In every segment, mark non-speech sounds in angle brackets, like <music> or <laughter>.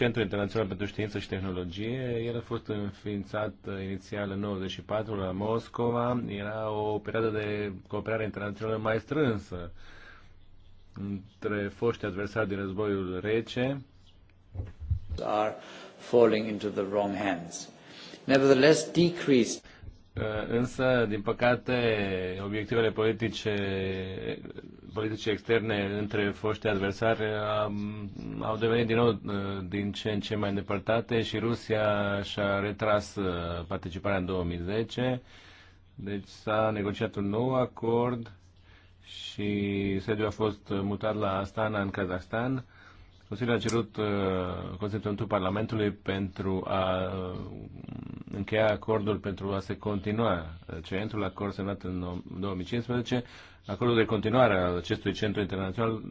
Centrul Internațional pentru Știință și Tehnologie. El a fost înființat inițial în 94 la Moscova. Era o perioadă de cooperare internațională mai strânsă între foști adversari din războiul rece. Are falling into the wrong hands. Nevertheless, decreased Uh, însă, din păcate, obiectivele politice, politice externe între foști adversari um, au devenit din nou uh, din ce în ce mai îndepărtate și Rusia și-a retras uh, participarea în 2010. Deci s-a negociat un nou acord și sediul a fost mutat la Astana în Kazahstan Consiliul a cerut uh, consensul Parlamentului pentru a uh, încheia acordul pentru a se continua centrul, acord semnat în 2015. Acordul de continuare al acestui centru internațional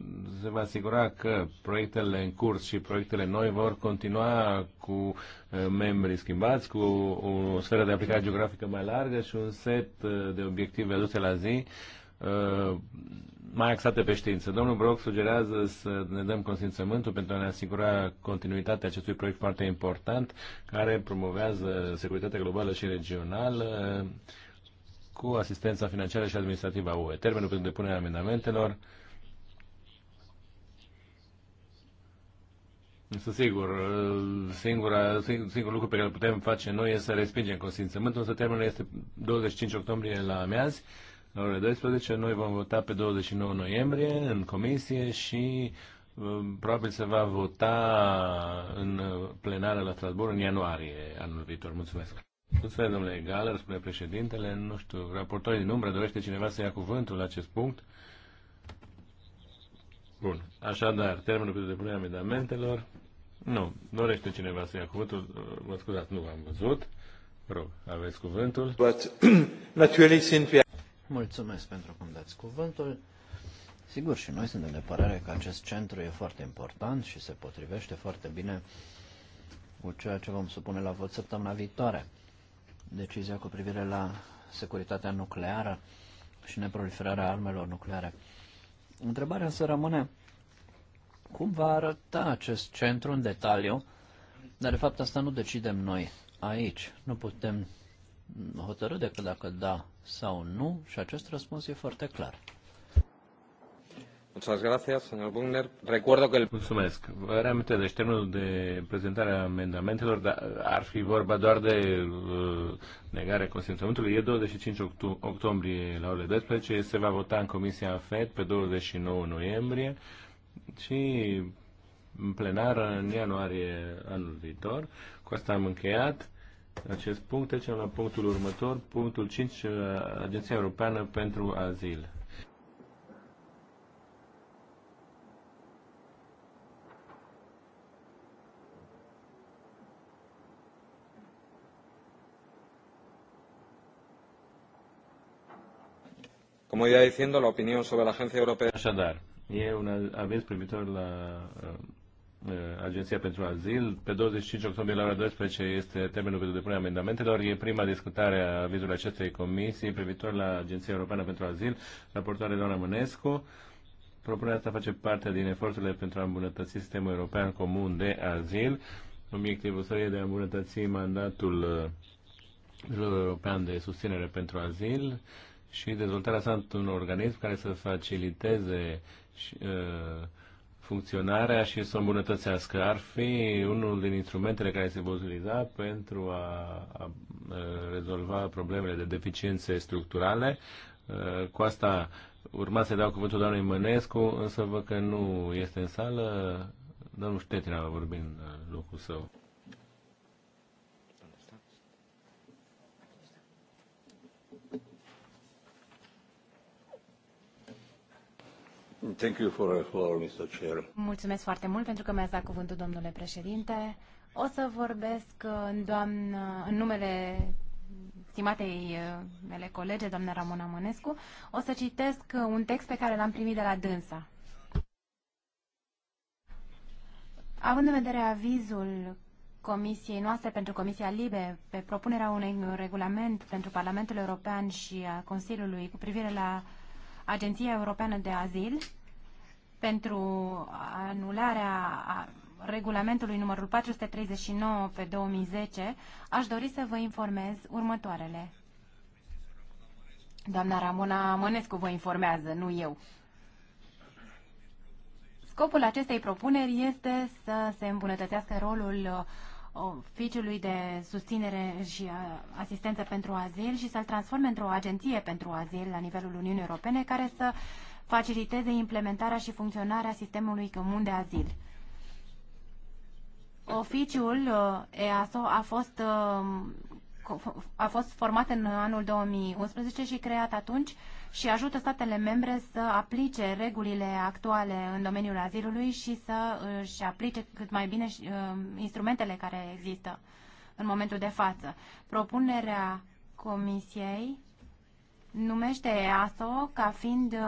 se va asigura că proiectele în curs și proiectele noi vor continua cu uh, membrii schimbați, cu o sferă de aplicare geografică mai largă și un set de obiective aduse la zi Uh, mai axate pe știință. Domnul Broc sugerează să ne dăm consimțământul pentru a ne asigura continuitatea acestui proiect foarte important care promovează securitatea globală și regională cu asistența financiară și administrativă a UE. Termenul pentru depunerea amendamentelor Sunt sigur, singura, singurul lucru pe care îl putem face noi este să respingem consimțământul, însă termenul este 25 octombrie la amiazi la orele 12. Noi vom vota pe 29 noiembrie în comisie și um, probabil se va vota în plenară la Strasbourg în ianuarie anul viitor. Mulțumesc! Mulțumesc, domnule Galer, spune președintele. Nu știu, raportorii din umbră, dorește cineva să ia cuvântul la acest punct? Bun. Așadar, termenul pentru depunerea amendamentelor. Nu. Dorește cineva să ia cuvântul? Mă scuzați, nu v-am văzut. Rog, aveți cuvântul. But, <clears throat> Mulțumesc pentru cum dați cuvântul. Sigur, și noi suntem de părere că acest centru e foarte important și se potrivește foarte bine cu ceea ce vom supune la vot săptămâna viitoare. Decizia cu privire la securitatea nucleară și neproliferarea armelor nucleare. Întrebarea să rămâne cum va arăta acest centru în detaliu, dar de fapt asta nu decidem noi aici. Nu putem hotărâ decât dacă da sau nu și acest răspuns e foarte clar. Muchas gracias, señor Bugner. Recuerdo que el... Mulțumesc. Vă reamintesc, deci termenul de prezentare a amendamentelor, dar ar fi vorba doar de uh, negarea consimțământului, e 25 octombrie la orele 12, se va vota în Comisia FED pe 29 noiembrie și în plenară în ianuarie anul viitor. Cu asta am încheiat acest punct. Trecem la punctul următor, punctul 5, uh, Agenția Europeană pentru Azil. Como ya diciendo, la opinión sobre la Agencia Europea. Așadar, e un aviz privitor la uh, Uh, Agenția pentru Azil. Pe 25 octombrie la ora 12 este termenul pentru depunerea amendamentelor. E prima discutare a vizului acestei comisii privitor la Agenția Europeană pentru Azil, raportoare doamna Mănescu. Propunerea asta face parte din eforturile pentru a îmbunătăți sistemul european comun de azil. Obiectivul său e de a îmbunătăți mandatul uh, european de susținere pentru azil și dezvoltarea sa într-un organism care să faciliteze și, uh, funcționarea și să o îmbunătățească. Ar fi unul din instrumentele care se vor utiliza pentru a, a rezolva problemele de deficiențe structurale. Cu asta urma să dau cuvântul doamnei Mănescu, însă văd că nu este în sală. Domnul Ștetina va vorbi în locul său. Thank you for Mr. Chair. Mulțumesc foarte mult pentru că mi-ați dat cuvântul, domnule președinte. O să vorbesc uh, în, doamnă, în numele stimatei uh, mele colege, doamna Ramona Mănescu. O să citesc uh, un text pe care l-am primit de la dânsa. Având în vedere avizul Comisiei noastre pentru Comisia Libe pe propunerea unui regulament pentru Parlamentul European și a Consiliului cu privire la Agenția Europeană de Azil pentru anularea regulamentului numărul 439 pe 2010, aș dori să vă informez următoarele. Doamna Ramona Mănescu vă informează, nu eu. Scopul acestei propuneri este să se îmbunătățească rolul oficiului de susținere și uh, asistență pentru azil și să-l transforme într-o agenție pentru azil la nivelul Uniunii Europene care să faciliteze implementarea și funcționarea sistemului comun de azil. Oficiul uh, EASO a fost, uh, a fost format în anul 2011 și creat atunci și ajută statele membre să aplice regulile actuale în domeniul azilului și să își aplice cât mai bine um, instrumentele care există în momentul de față. Propunerea Comisiei numește EASO ca fiind uh,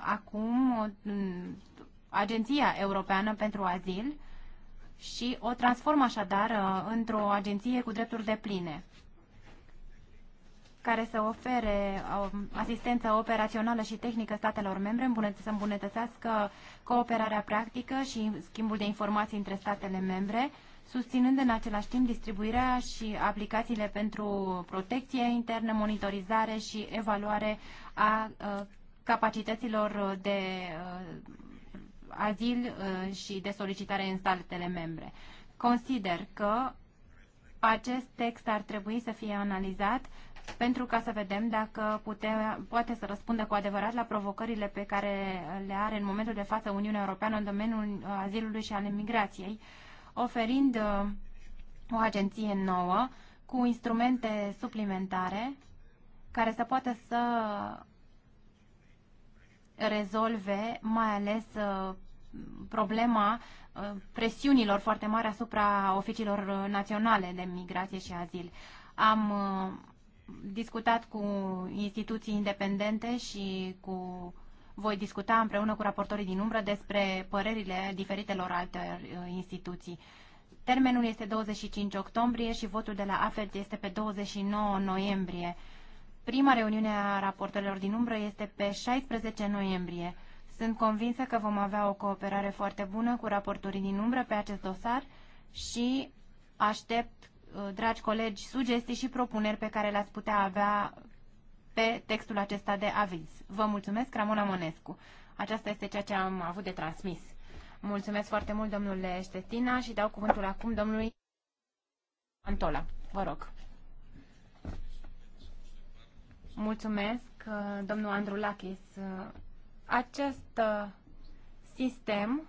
acum mm, Agenția Europeană pentru Azil și o transformă așadar uh, într-o agenție cu drepturi de pline care să ofere um, asistență operațională și tehnică statelor membre, să îmbunătățească cooperarea practică și schimbul de informații între statele membre, susținând în același timp distribuirea și aplicațiile pentru protecție internă, monitorizare și evaluare a uh, capacităților de uh, azil uh, și de solicitare în statele membre. Consider că acest text ar trebui să fie analizat pentru ca să vedem dacă pute, poate să răspundă cu adevărat la provocările pe care le are în momentul de față Uniunea Europeană în domeniul uh, azilului și al emigrației, oferind uh, o agenție nouă cu instrumente suplimentare care să poată să rezolve mai ales uh, problema presiunilor foarte mari asupra oficiilor naționale de migrație și azil. Am discutat cu instituții independente și cu voi discuta împreună cu raportorii din umbră despre părerile diferitelor alte uh, instituții. Termenul este 25 octombrie și votul de la AFET este pe 29 noiembrie. Prima reuniune a raportorilor din umbră este pe 16 noiembrie. Sunt convinsă că vom avea o cooperare foarte bună cu raportorii din umbră pe acest dosar și aștept Uh, dragi colegi, sugestii și propuneri pe care le-ați putea avea pe textul acesta de aviz. Vă mulțumesc, Ramona Monescu. Aceasta este ceea ce am avut de transmis. Mulțumesc foarte mult, domnule Ștetina, și dau cuvântul acum domnului Antola. Vă rog. Mulțumesc, uh, domnul Andrulakis. Uh, acest sistem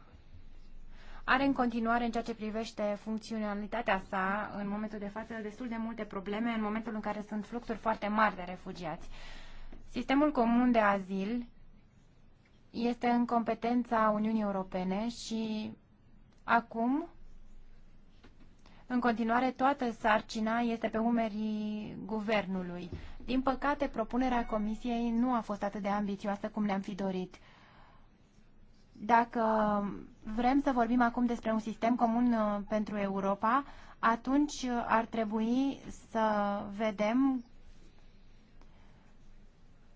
are în continuare în ceea ce privește funcționalitatea sa în momentul de față destul de multe probleme în momentul în care sunt fluxuri foarte mari de refugiați. Sistemul comun de azil este în competența Uniunii Europene și acum, în continuare, toată sarcina este pe umerii guvernului. Din păcate, propunerea Comisiei nu a fost atât de ambițioasă cum ne-am fi dorit. Dacă vrem să vorbim acum despre un sistem comun uh, pentru Europa, atunci uh, ar trebui să vedem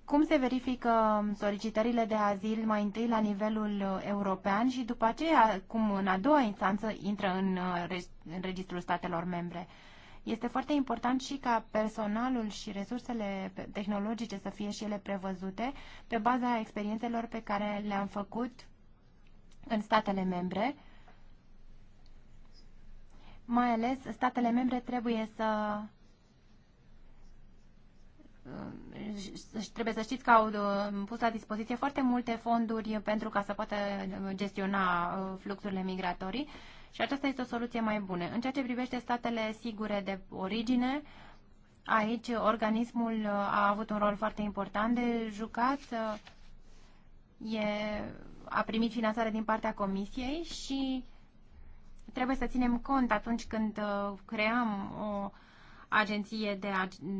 cum se verifică um, solicitările de azil mai întâi la nivelul uh, european și după aceea, cum în a doua instanță, intră în, în registrul statelor membre. Este foarte important și ca personalul și resursele tehnologice să fie și ele prevăzute pe baza experiențelor pe care le-am făcut în statele membre. Mai ales, statele membre trebuie să uh, trebuie să știți că au uh, pus la dispoziție foarte multe fonduri pentru ca să poată uh, gestiona fluxurile migratorii și aceasta este o soluție mai bună. În ceea ce privește statele sigure de origine, aici organismul a avut un rol foarte important de jucat. E a primit finanțare din partea Comisiei și trebuie să ținem cont atunci când uh, creăm o agenție de,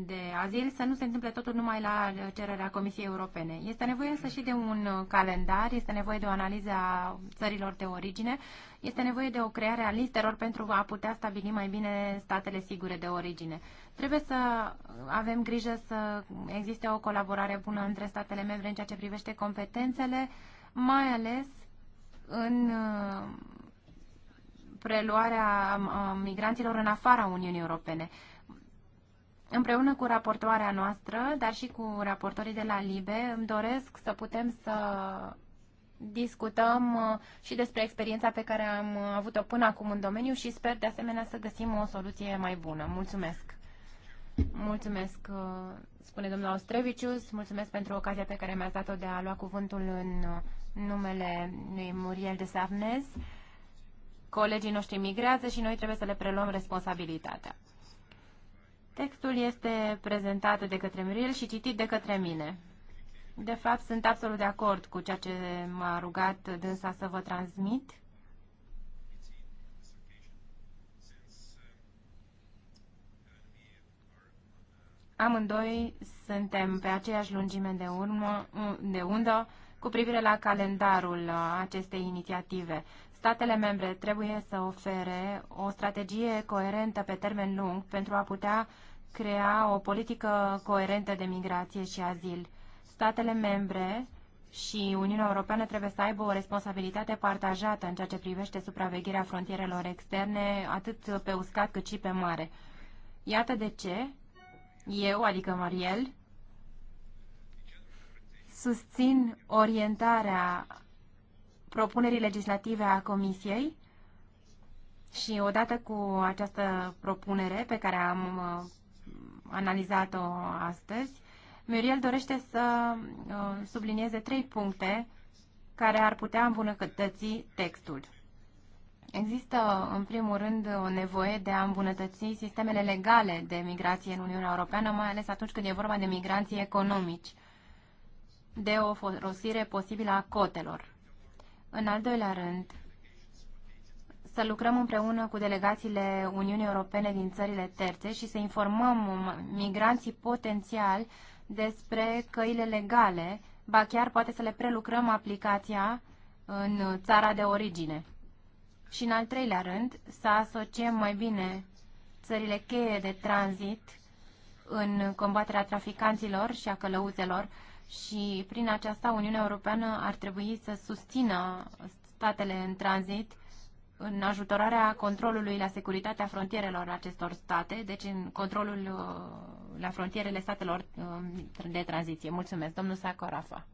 de azil să nu se întâmple totul numai la cererea Comisiei Europene. Este nevoie însă și de un uh, calendar, este nevoie de o analiză a țărilor de origine, este nevoie de o creare a listelor pentru a putea stabili mai bine statele sigure de origine. Trebuie să avem grijă să existe o colaborare bună între statele membre în ceea ce privește competențele, uh, mai ales în uh, preluarea um, uh, migranților în afara Uniunii Europene. Împreună cu raportoarea noastră, dar și cu raportorii de la LIBE, îmi doresc să putem să discutăm uh, și despre experiența pe care am avut-o până acum în domeniu și sper de asemenea să găsim o soluție mai bună. Mulțumesc! Mulțumesc, spune domnul Ostrevicius, mulțumesc pentru ocazia pe care mi-ați dat-o de a lua cuvântul în numele lui Muriel de Savnez, Colegii noștri migrează și noi trebuie să le preluăm responsabilitatea. Textul este prezentat de către Muriel și citit de către mine. De fapt, sunt absolut de acord cu ceea ce m-a rugat dânsa să vă transmit. Amândoi suntem pe aceeași lungime de, urmă, de undă cu privire la calendarul uh, acestei inițiative. Statele membre trebuie să ofere o strategie coerentă pe termen lung pentru a putea crea o politică coerentă de migrație și azil. Statele membre și Uniunea Europeană trebuie să aibă o responsabilitate partajată în ceea ce privește supravegherea frontierelor externe, atât pe uscat cât și pe mare. Iată de ce eu, adică Mariel, susțin orientarea propunerii legislative a Comisiei și odată cu această propunere pe care am uh, analizat-o astăzi, Muriel dorește să uh, sublinieze trei puncte care ar putea îmbunătăți textul. Există, în primul rând, o nevoie de a îmbunătăți sistemele legale de migrație în Uniunea Europeană, mai ales atunci când e vorba de migranții economici de o folosire posibilă a cotelor. În al doilea rând, să lucrăm împreună cu delegațiile Uniunii Europene din țările terțe și să informăm migranții potențial despre căile legale, ba chiar poate să le prelucrăm aplicația în țara de origine. Și în al treilea rând, să asociem mai bine țările cheie de tranzit în combaterea traficanților și a călăuzelor și prin aceasta Uniunea Europeană ar trebui să susțină statele în tranzit în ajutorarea controlului la securitatea frontierelor acestor state, deci în controlul uh, la frontierele statelor uh, de tranziție. Mulțumesc, domnul Sacorafa.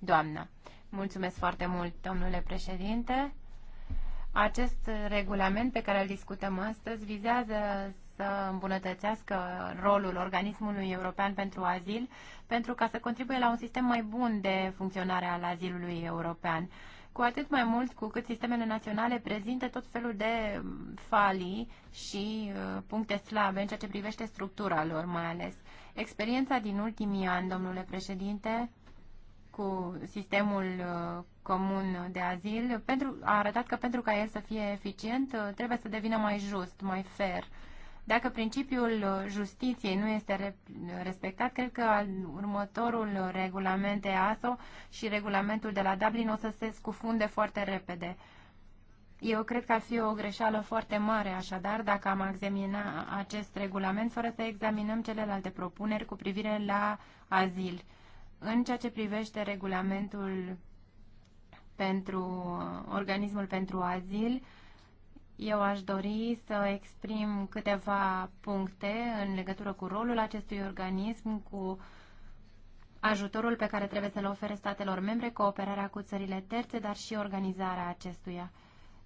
Doamna, mulțumesc foarte mult, domnule președinte. Acest regulament pe care îl discutăm astăzi vizează să îmbunătățească rolul organismului european pentru azil, pentru ca să contribuie la un sistem mai bun de funcționare al azilului european. Cu atât mai mult cu cât sistemele naționale prezintă tot felul de falii și uh, puncte slabe în ceea ce privește structura lor mai ales. Experiența din ultimii ani, domnule președinte, cu sistemul uh, comun de azil pentru, a arătat că pentru ca el să fie eficient uh, trebuie să devină mai just, mai fair dacă principiul uh, justiției nu este respectat, cred că următorul uh, regulament EASO și regulamentul de la Dublin o să se scufunde foarte repede. Eu cred că ar fi o greșeală foarte mare, așadar, dacă am examina acest regulament fără să examinăm celelalte propuneri cu privire la azil. În ceea ce privește regulamentul pentru uh, organismul pentru azil, eu aș dori să exprim câteva puncte în legătură cu rolul acestui organism, cu ajutorul pe care trebuie să-l ofere statelor membre, cooperarea cu țările terțe, dar și organizarea acestuia.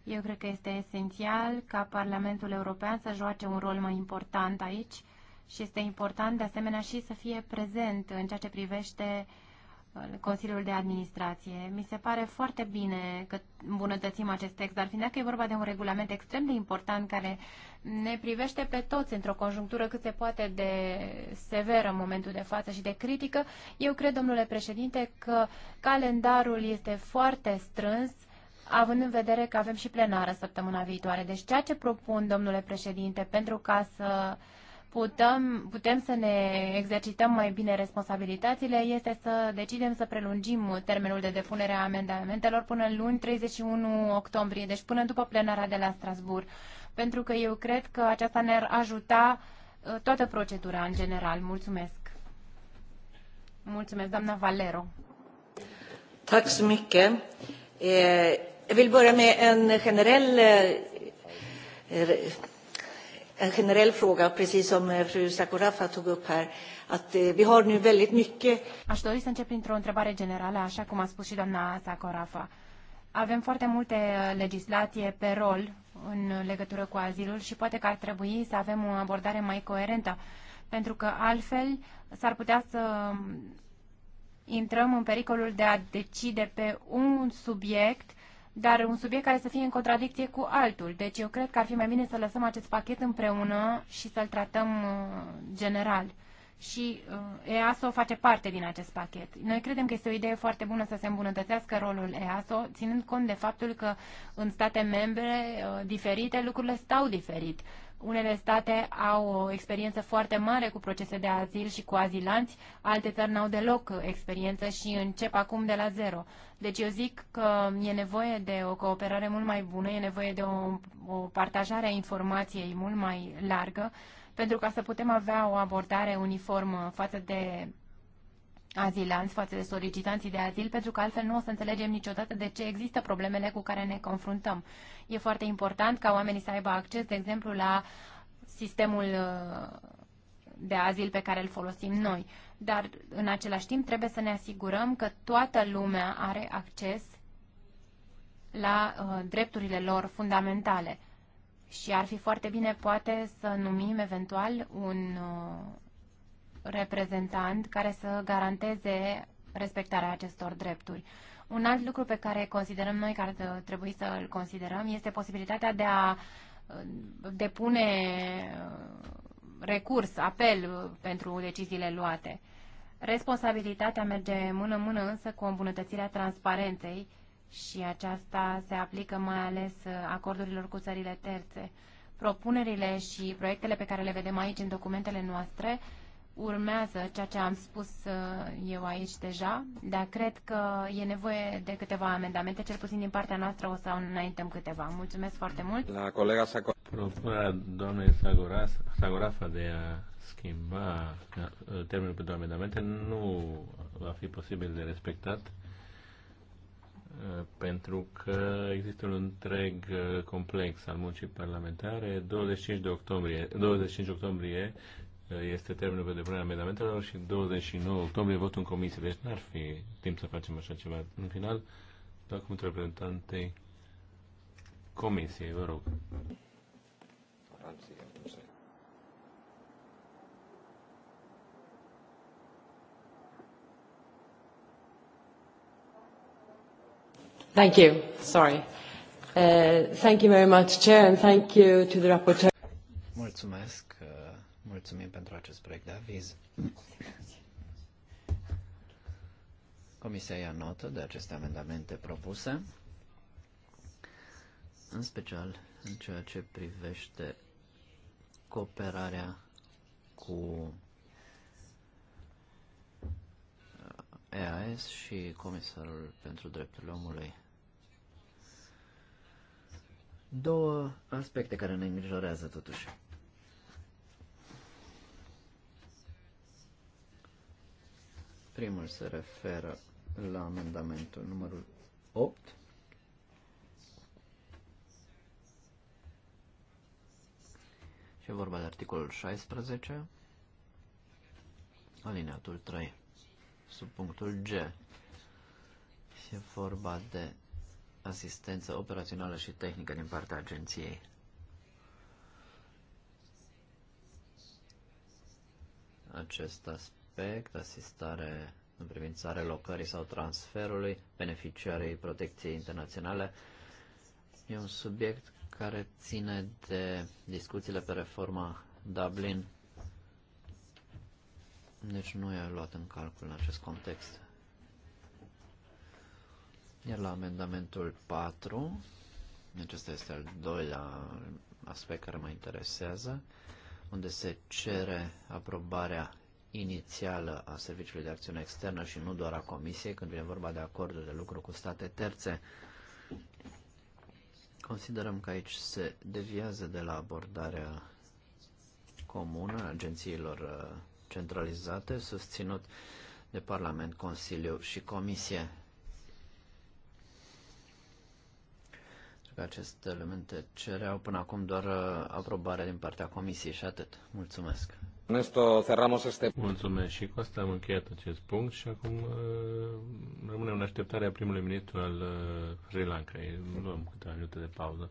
Eu cred că este esențial ca Parlamentul European să joace un rol mai important aici și este important de asemenea și să fie prezent în ceea ce privește uh, Consiliul de Administrație. Mi se pare foarte bine că îmbunătățim acest text, dar fiindcă e vorba de un regulament extrem de important care ne privește pe toți într-o conjunctură cât se poate de severă în momentul de față și de critică, eu cred, domnule președinte, că calendarul este foarte strâns având în vedere că avem și plenară săptămâna viitoare. Deci ceea ce propun, domnule președinte, pentru ca să uh, putem, putem să ne exercităm mai bine responsabilitățile este să decidem să prelungim termenul de depunere a amendamentelor până luni 31 octombrie, deci până după plenara de la Strasbourg, pentru că eu cred că aceasta ne-ar ajuta uh, toată procedura în general. Mulțumesc! Mulțumesc, doamna Valero! Tack så mycket. Eh, jag vill börja med en generell eh, en generell fråga, precis som eh, fru Sakurafa tog upp här, att eh, vi har nu väldigt mycket... Aș dori să încep printr-o întrebare generală, așa cum a spus și doamna Sakurafa. Avem foarte multe eh, legislație pe rol în legătură cu azilul și poate că ar trebui să avem o abordare mai coerentă, pentru că altfel s-ar putea să mm, intrăm în pericolul de a decide pe un subiect dar un subiect care să fie în contradicție cu altul. Deci eu cred că ar fi mai bine să lăsăm acest pachet împreună și să-l tratăm uh, general. Și uh, EASO face parte din acest pachet. Noi credem că este o idee foarte bună să se îmbunătățească rolul EASO, ținând cont de faptul că în state membre uh, diferite lucrurile stau diferit. Unele state au o experiență foarte mare cu procese de azil și cu azilanți, alte țări n-au deloc experiență și încep acum de la zero. Deci eu zic că e nevoie de o cooperare mult mai bună, e nevoie de o, o partajare a informației mult mai largă, pentru ca să putem avea o abordare uniformă față de azilanți față de solicitanții de azil, pentru că altfel nu o să înțelegem niciodată de ce există problemele cu care ne confruntăm. E foarte important ca oamenii să aibă acces, de exemplu, la sistemul uh, de azil pe care îl folosim noi. Dar, în același timp, trebuie să ne asigurăm că toată lumea are acces la uh, drepturile lor fundamentale. Și ar fi foarte bine, poate, să numim eventual un uh, reprezentant care să garanteze respectarea acestor drepturi. Un alt lucru pe care considerăm noi, ar trebuie să îl considerăm, este posibilitatea de a uh, depune uh, recurs, apel uh, pentru deciziile luate. Responsabilitatea merge mână-mână însă cu îmbunătățirea transparenței și aceasta se aplică mai ales acordurilor cu țările terțe. Propunerile și proiectele pe care le vedem aici în documentele noastre urmează ceea ce am spus uh, eu aici deja, dar cred că e nevoie de câteva amendamente, cel puțin din partea noastră o să înaintăm câteva. Mulțumesc foarte mult! La colega Saco... Propunerea doamnei Sagorafa de a schimba uh, termenul pentru amendamente nu va fi posibil de respectat uh, pentru că există un întreg complex al muncii parlamentare. 25 de octombrie, 25 octombrie este termenul de depunere amendamentelor și 29 octombrie vot în comisie. Deci n-ar fi timp să facem așa ceva. În final, dacă cum reprezentantei comisiei, vă rog. Thank you. Sorry. Uh, thank you very much, Chair, and thank you to the rapporteur. Mulțumesc. Uh Mulțumim pentru acest proiect de aviz. Comisia ia notă de aceste amendamente propuse, în special în ceea ce privește cooperarea cu uh, EAS și Comisarul pentru Drepturile Omului. Două aspecte care ne îngrijorează totuși. Primul se referă la amendamentul numărul 8. Și e vorba de articolul 16, alineatul 3, sub punctul G. Și e vorba de asistență operațională și tehnică din partea agenției. Acest aspect aspect, asistare în privința relocării sau transferului beneficiarii protecției internaționale. E un subiect care ține de discuțiile pe reforma Dublin. Deci nu e luat în calcul în acest context. Iar la amendamentul 4, acesta este al doilea aspect care mă interesează, unde se cere aprobarea inițială a Serviciului de Acțiune Externă și nu doar a Comisiei când vine vorba de acorduri de lucru cu state terțe. Considerăm că aici se deviază de la abordarea comună a agențiilor uh, centralizate, susținut de Parlament, Consiliu și Comisie. că aceste elemente cereau până acum doar uh, aprobarea din partea Comisiei și atât. Mulțumesc. Con cerramos este Mulțumesc și cu asta am încheiat acest punct și acum uh, rămâne în așteptarea primului ministru al uh, Sri Lankai. Luăm câteva minute de pauză.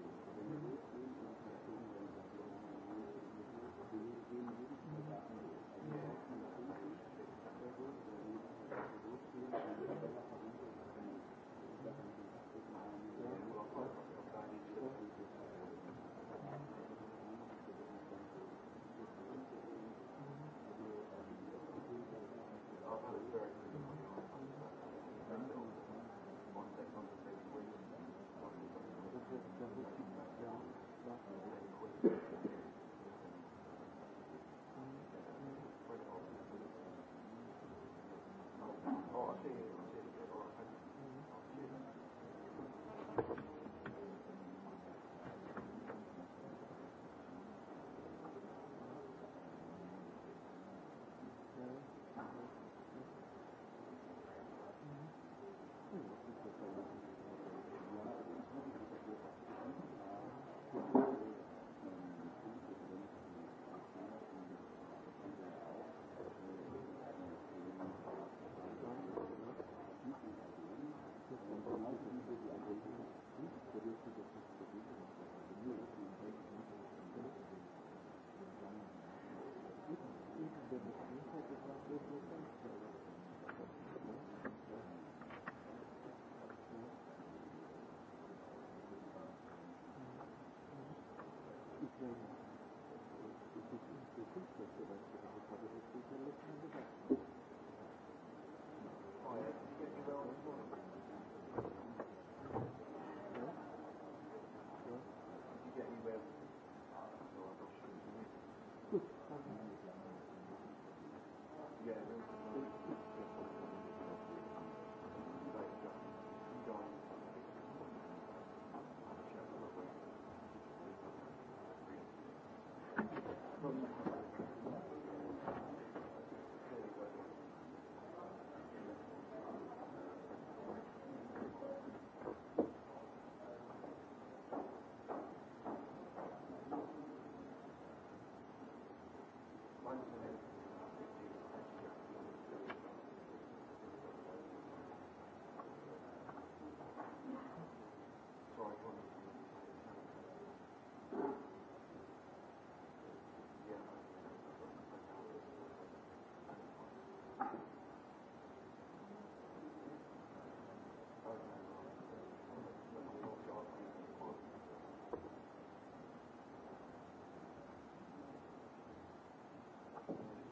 from the heart.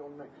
your next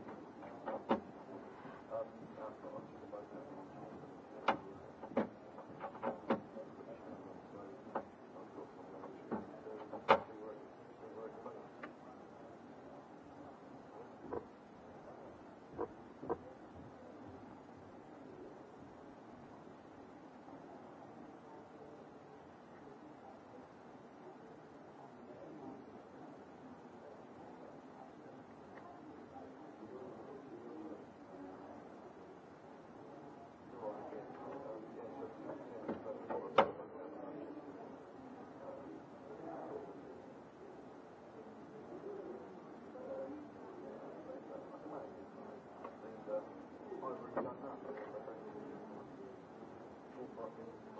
Thank you.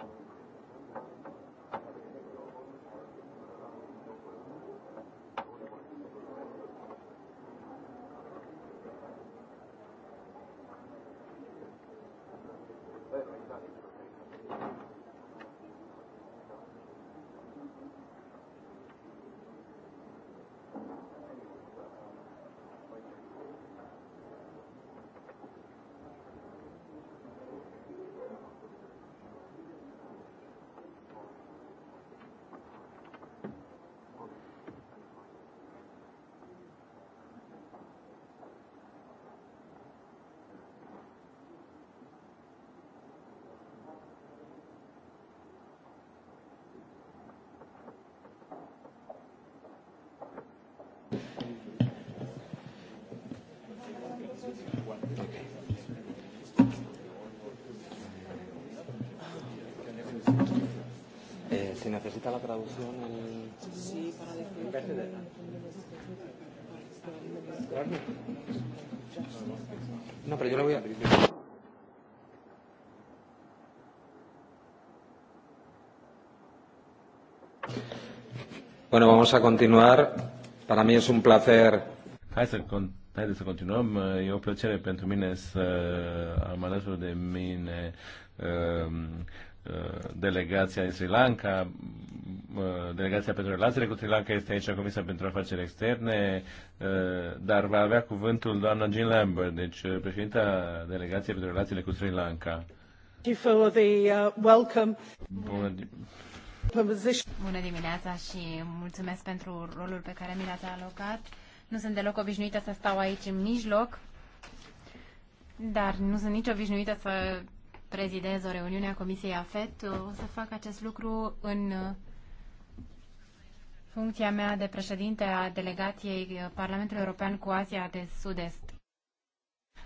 necesita la traducción el... Sí, para decir... de... No, pero yo lo voy a... Bueno, vamos a continuar. Para mí es un placer. Hai să, con- haideți să continuăm. E o plăcere pentru mine să am alături de mine uh, Uh, delegația din Sri Lanka, uh, delegația pentru relațiile cu Sri Lanka este aici Comisia pentru Afaceri Externe, uh, dar va avea cuvântul doamna Jean Lambert, deci președinta delegației pentru relațiile cu Sri Lanka. Bună, Bună dimineața și mulțumesc pentru rolul pe care mi l-ați alocat. Nu sunt deloc obișnuită să stau aici în mijloc, dar nu sunt nici obișnuită să prezidez o reuniune a Comisiei AFET, o să fac acest lucru în uh, funcția mea de președinte a delegației uh, Parlamentului European cu Asia de Sud-Est.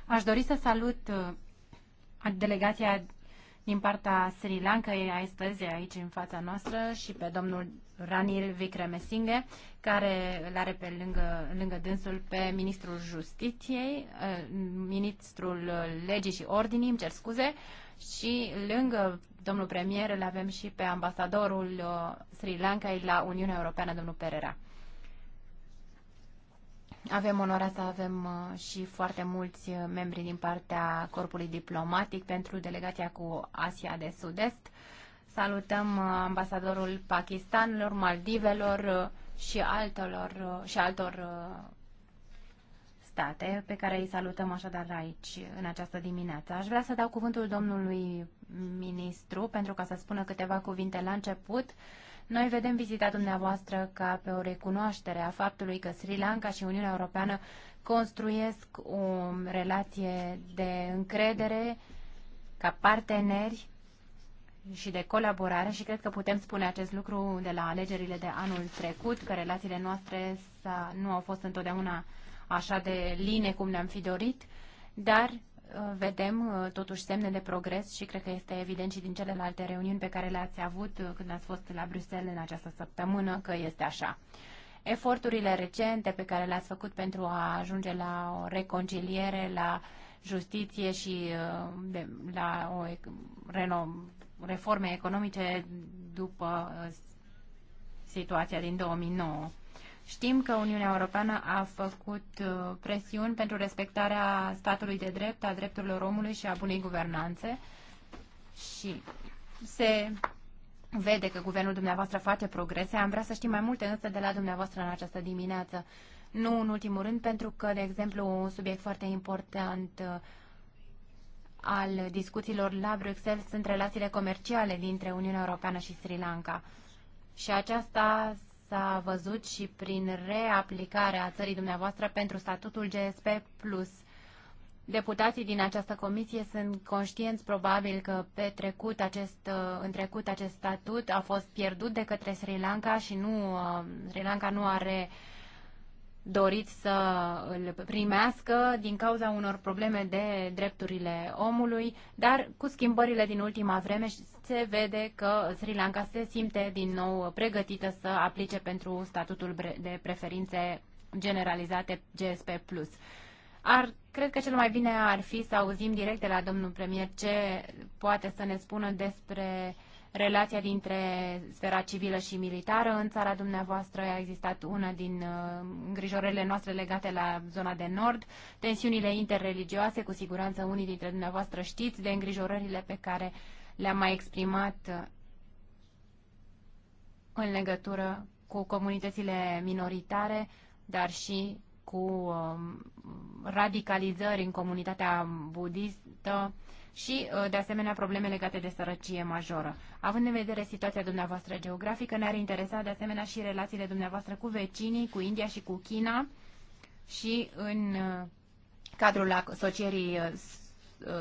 Aș dori să salut uh, delegația din partea Sri Lanka, e astăzi aici în fața noastră, și pe domnul Ranil Vikremesinghe, care îl are pe lângă, lângă dânsul pe ministrul justiției, ministrul legii și ordinii, îmi cer scuze, și lângă domnul premier îl avem și pe ambasadorul uh, Sri Lankai la Uniunea Europeană, domnul Pereira. Avem onoarea să avem uh, și foarte mulți uh, membri din partea corpului diplomatic pentru delegația cu Asia de Sud-Est. Salutăm ambasadorul Pakistanilor, Maldivelor și altor, și altor state, pe care îi salutăm așadar aici în această dimineață. Aș vrea să dau cuvântul domnului ministru pentru ca să spună câteva cuvinte la început. Noi vedem vizita dumneavoastră ca pe o recunoaștere a faptului că Sri Lanka și Uniunea Europeană construiesc o relație de încredere ca parteneri și de colaborare și cred că putem spune acest lucru de la alegerile de anul trecut, că relațiile noastre nu au fost întotdeauna așa de line cum ne-am fi dorit, dar uh, vedem uh, totuși semne de progres și cred că este evident și din celelalte reuniuni pe care le-ați avut uh, când ați fost la Bruxelles în această săptămână că este așa. Eforturile recente pe care le-ați făcut pentru a ajunge la o reconciliere, la justiție și de, la o reno, reforme economice după situația din 2009. Știm că Uniunea Europeană a făcut uh, presiuni pentru respectarea statului de drept, a drepturilor omului și a bunei guvernanțe și se vede că guvernul dumneavoastră face progrese. Am vrea să știm mai multe însă de la dumneavoastră în această dimineață. Nu în ultimul rând, pentru că, de exemplu, un subiect foarte important uh, al discuțiilor la Bruxelles sunt relațiile comerciale dintre Uniunea Europeană și Sri Lanka. Și aceasta s-a văzut și prin reaplicarea țării dumneavoastră pentru statutul GSP+. Deputații din această comisie sunt conștienți probabil că pe trecut acest, uh, în trecut acest statut a fost pierdut de către Sri Lanka și nu, uh, Sri Lanka nu are uh, dorit să îl primească din cauza unor probleme de drepturile omului, dar cu schimbările din ultima vreme se vede că Sri Lanka se simte din nou pregătită să aplice pentru statutul de preferințe generalizate GSP+. Ar, cred că cel mai bine ar fi să auzim direct de la domnul premier ce poate să ne spună despre relația dintre sfera civilă și militară. În țara dumneavoastră a existat una din uh, îngrijorările noastre legate la zona de nord, tensiunile interreligioase, cu siguranță unii dintre dumneavoastră știți de îngrijorările pe care le-am mai exprimat uh, în legătură cu comunitățile minoritare, dar și cu um, radicalizări în comunitatea budistă și, uh, de asemenea, probleme legate de sărăcie majoră. Având în vedere situația dumneavoastră geografică, ne-ar interesa, de asemenea, și relațiile dumneavoastră cu vecinii, cu India și cu China și în uh, cadrul asocierii uh,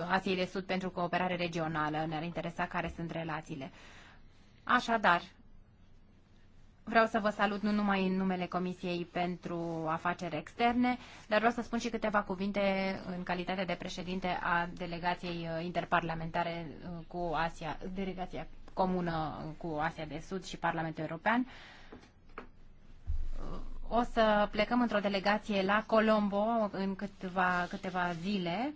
Asiei de Sud pentru cooperare regională. Ne-ar interesa care sunt relațiile. Așadar, Vreau să vă salut nu numai în numele Comisiei pentru Afaceri Externe, dar vreau să spun și câteva cuvinte în calitate de președinte a delegației uh, interparlamentare uh, cu Asia, delegația comună uh, cu Asia de Sud și Parlamentul European. O să plecăm într-o delegație la Colombo în câteva, câteva zile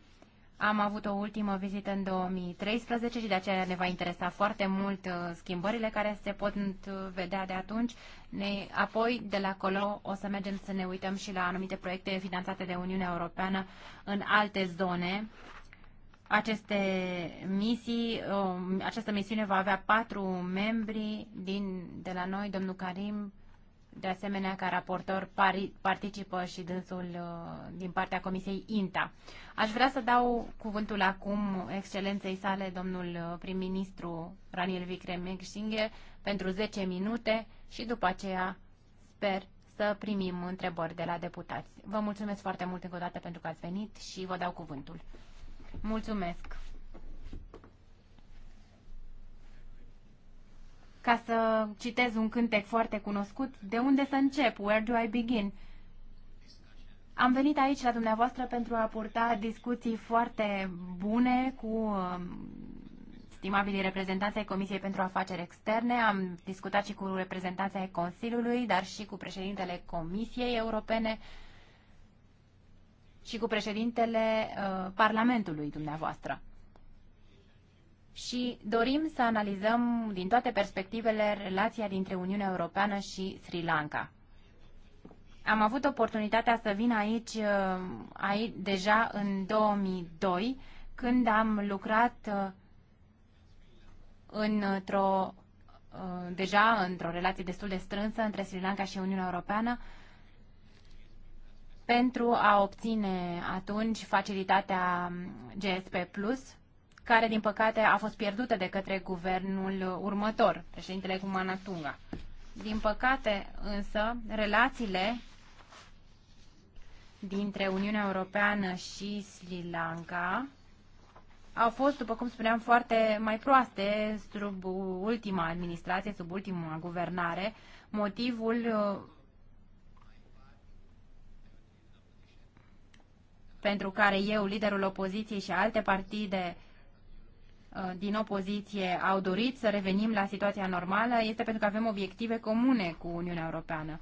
am avut o ultimă vizită în 2013 și de aceea ne va interesa foarte mult uh, schimbările care se pot uh, vedea de atunci. Ne, apoi, de la acolo, o să mergem să ne uităm și la anumite proiecte finanțate de Uniunea Europeană în alte zone. Aceste misii, uh, această misiune va avea patru membri din, de la noi, domnul Karim, de asemenea ca raportor participă și dânsul uh, din partea Comisiei INTA. Aș vrea să dau cuvântul acum excelenței sale, domnul uh, prim-ministru Raniel Vikremegșinghe, pentru 10 minute și după aceea sper să primim întrebări de la deputați. Vă mulțumesc foarte mult încă o dată pentru că ați venit și vă dau cuvântul. Mulțumesc! ca să citez un cântec foarte cunoscut, de unde să încep? Where do I begin? Am venit aici la dumneavoastră pentru a purta discuții foarte bune cu um, stimabilii reprezentanții Comisiei pentru Afaceri Externe. Am discutat și cu reprezentanții Consiliului, dar și cu președintele Comisiei Europene și cu președintele uh, Parlamentului dumneavoastră și dorim să analizăm din toate perspectivele relația dintre Uniunea Europeană și Sri Lanka. Am avut oportunitatea să vin aici, uh, aici deja în 2002, când am lucrat uh, într-o uh, deja într-o relație destul de strânsă între Sri Lanka și Uniunea Europeană pentru a obține atunci facilitatea GSP Plus care, din păcate, a fost pierdută de către guvernul următor, președintele Tunga. Din păcate, însă, relațiile dintre Uniunea Europeană și Sri Lanka au fost, după cum spuneam, foarte mai proaste sub ultima administrație, sub ultima guvernare. Motivul uh, pentru care eu, liderul opoziției și alte partide Uh, din opoziție au dorit să revenim la situația normală este pentru că avem obiective comune cu Uniunea Europeană.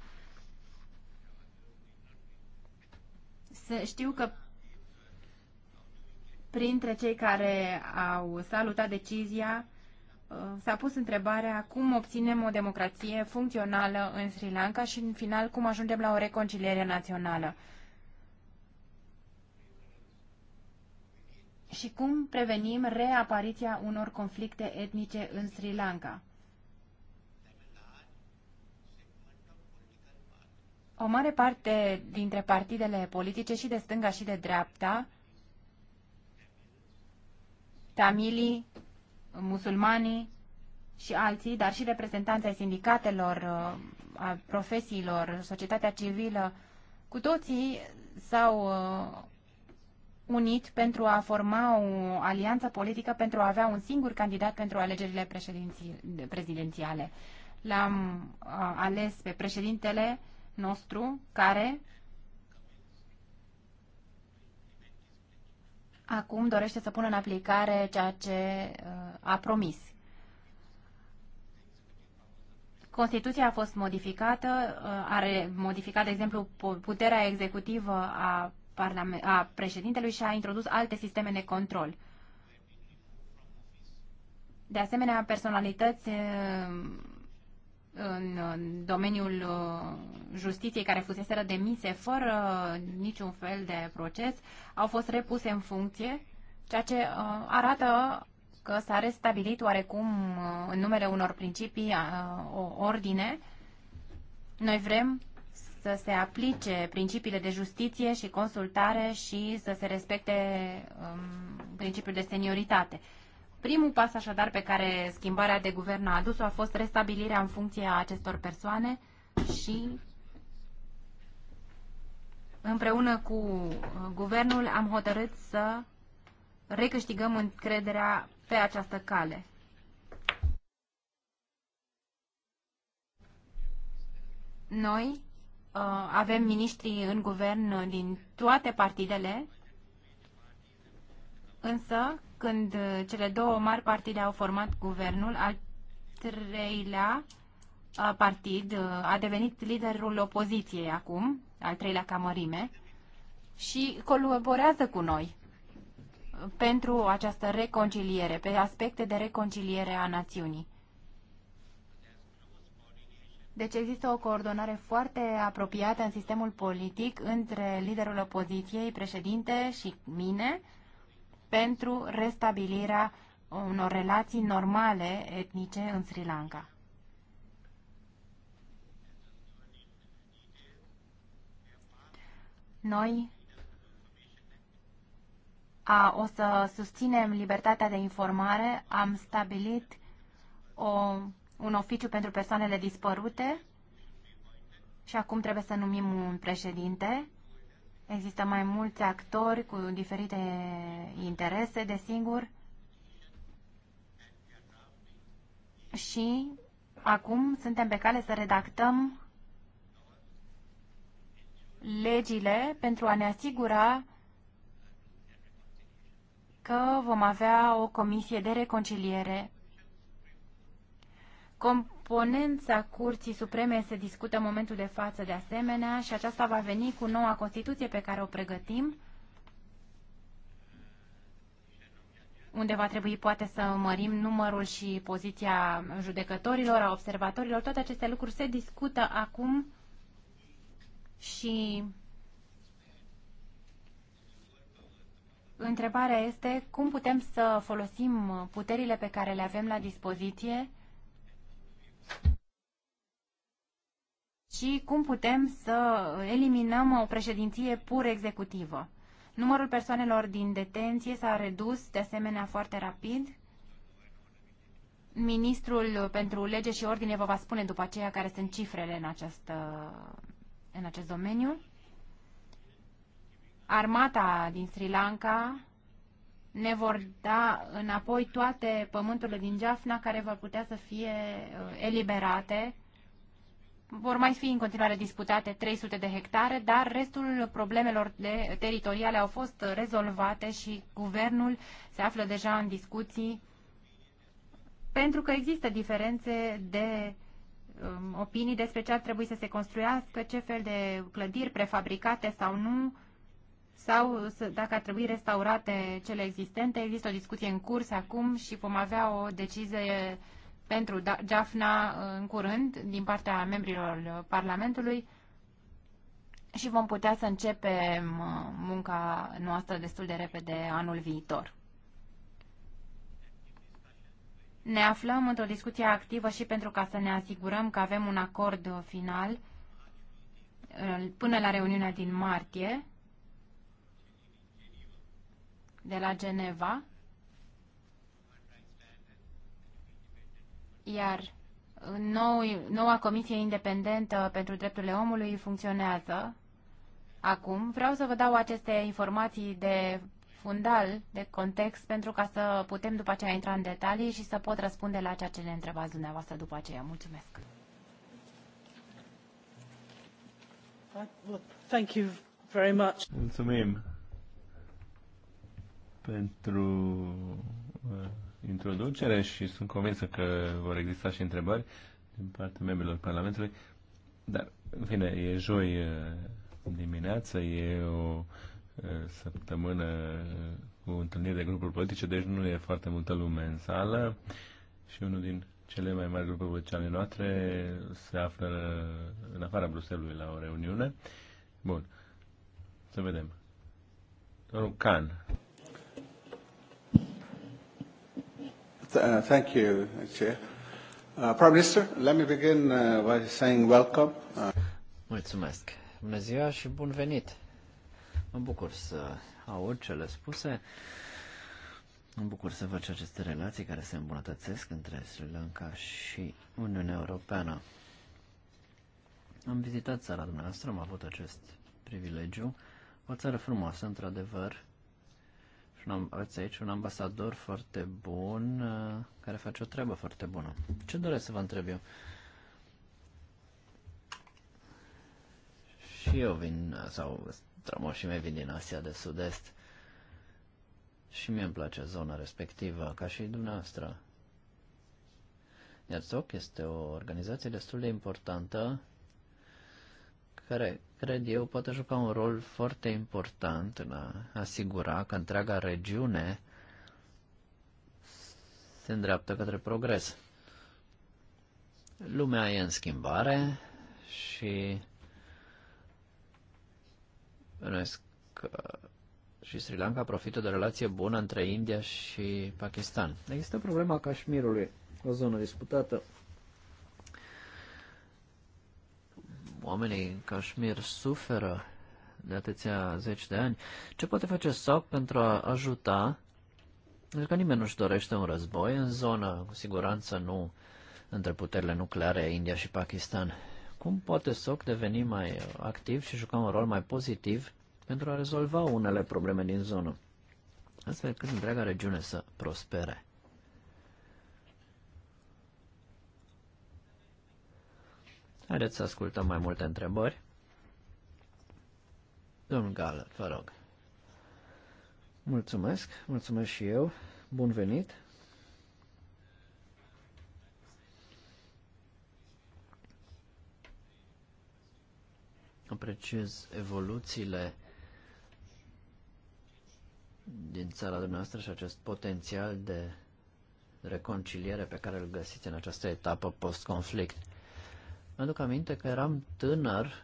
Să știu că printre cei care au salutat decizia uh, s-a pus întrebarea cum obținem o democrație funcțională în Sri Lanka și în final cum ajungem la o reconciliere națională. și cum prevenim reapariția unor conflicte etnice în Sri Lanka. O mare parte dintre partidele politice și de stânga și de dreapta, tamilii, musulmanii și alții, dar și reprezentanții sindicatelor, uh, a profesiilor, societatea civilă, cu toții s-au uh, unit pentru a forma o alianță politică pentru a avea un singur candidat pentru alegerile prezidențiale. L-am uh, ales pe președintele nostru care acum dorește să pună în aplicare ceea ce uh, a promis. Constituția a fost modificată, uh, are modificat, de exemplu, puterea executivă a a președintelui și a introdus alte sisteme de control. De asemenea, personalități eh, în domeniul eh, justiției care fusese demise fără niciun fel de proces au fost repuse în funcție, ceea ce eh, arată că s-a restabilit oarecum în numele unor principii o ordine. Noi vrem să se aplice principiile de justiție și consultare și să se respecte um, principiul de senioritate. Primul pas așadar pe care schimbarea de guvern a adus-o a fost restabilirea în funcție a acestor persoane și împreună cu uh, guvernul am hotărât să recâștigăm încrederea pe această cale. Noi Uh, avem miniștri în guvern din toate partidele, însă când cele două mari partide au format guvernul, al treilea uh, partid uh, a devenit liderul opoziției acum, al treilea ca mărime, și colaborează cu noi pentru această reconciliere, pe aspecte de reconciliere a națiunii. Deci există o coordonare foarte apropiată în sistemul politic între liderul opoziției, președinte și mine pentru restabilirea unor relații normale etnice în Sri Lanka. Noi a, o să susținem libertatea de informare. Am stabilit o un oficiu pentru persoanele dispărute și acum trebuie să numim un președinte. Există mai mulți actori cu diferite interese, desigur. Și acum suntem pe cale să redactăm legile pentru a ne asigura că vom avea o comisie de reconciliere Componența Curții Supreme se discută în momentul de față de asemenea și aceasta va veni cu noua Constituție pe care o pregătim, unde va trebui poate să mărim numărul și poziția judecătorilor, a observatorilor. Toate aceste lucruri se discută acum și întrebarea este cum putem să folosim puterile pe care le avem la dispoziție și cum putem să eliminăm o președinție pur executivă. Numărul persoanelor din detenție s-a redus de asemenea foarte rapid. Ministrul pentru lege și ordine vă va spune după aceea care sunt cifrele în, această, în acest domeniu. Armata din Sri Lanka ne vor da înapoi toate pământurile din Jaffna care vor putea să fie uh, eliberate vor mai fi în continuare disputate 300 de hectare, dar restul problemelor de, teritoriale au fost rezolvate și guvernul se află deja în discuții pentru că există diferențe de um, opinii despre ce ar trebui să se construiască, ce fel de clădiri prefabricate sau nu, sau să, dacă ar trebui restaurate cele existente. Există o discuție în curs acum și vom avea o decizie pentru da- Jafna în curând din partea membrilor Parlamentului și vom putea să începem uh, munca noastră destul de repede anul viitor. Ne aflăm într-o discuție activă și pentru ca să ne asigurăm că avem un acord final uh, până la reuniunea din martie de la Geneva Iar nou, noua Comisie Independentă pentru Drepturile Omului funcționează acum. Vreau să vă dau aceste informații de fundal, de context, pentru ca să putem după aceea intra în detalii și să pot răspunde la ceea ce ne întrebați dumneavoastră după aceea. Mulțumesc! Thank you very much. Mulțumim pentru uh, introducere și sunt convinsă că vor exista și întrebări din partea membrilor Parlamentului. Dar, în fine, e joi uh, dimineață, e o uh, săptămână cu întâlniri de grupuri politice, deci nu e foarte multă lume în sală și unul din cele mai mari grupuri politice ale noastre se află în afara Bruselului la o reuniune. Bun. Să vedem. Domnul Can. Uh, thank you, Chair. Uh, Prime Minister, let me begin uh, by saying welcome. Uh... Mulțumesc. Bună ziua și bun venit. Mă bucur să aud cele spuse. Mă bucur să văd aceste relații care se îmbunătățesc între Sri Lanka și Uniunea Europeană. Am vizitat țara dumneavoastră, am avut acest privilegiu. O țară frumoasă, într-adevăr, un, am, aveți aici un ambasador foarte bun uh, care face o treabă foarte bună. Ce doresc să vă întreb eu? Și eu vin, sau strămoșii mei vin din Asia de Sud-Est și mie îmi place zona respectivă, ca și dumneavoastră. Iar este o organizație destul de importantă care cred eu poate juca un rol foarte important în a asigura că întreaga regiune se îndreaptă către progres. Lumea e în schimbare și că și Sri Lanka profită de o relație bună între India și Pakistan. Există problema Cașmirului, o zonă disputată Oamenii în Kashmir suferă de atâția zeci de ani. Ce poate face SAC pentru a ajuta? Pentru că nimeni nu-și dorește un război în zonă, cu siguranță nu între puterile nucleare India și Pakistan. Cum poate SOC deveni mai activ și juca un rol mai pozitiv pentru a rezolva unele probleme din zonă, astfel cât întreaga regiune să prospere? Haideți să ascultăm mai multe întrebări. Domnul Gală, vă rog. Mulțumesc, mulțumesc și eu. Bun venit. Apreciez evoluțiile din țara dumneavoastră și acest potențial de reconciliere pe care îl găsiți în această etapă post-conflict. Mi-aduc aminte că eram tânăr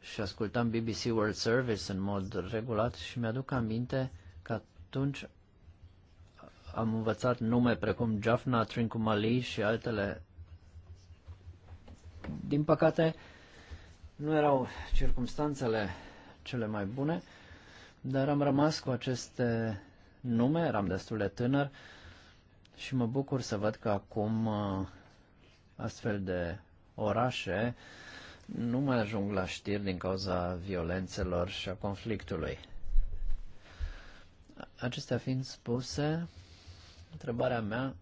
și ascultam BBC World Service în mod regulat și mi-aduc aminte că atunci am învățat nume precum Jaffna, Trincomalee și altele. Din păcate, nu erau circumstanțele cele mai bune, dar am rămas cu aceste nume, eram destul de tânăr și mă bucur să văd că acum uh, astfel de orașe nu mai ajung la știri din cauza violențelor și a conflictului. Acestea fiind spuse, întrebarea mea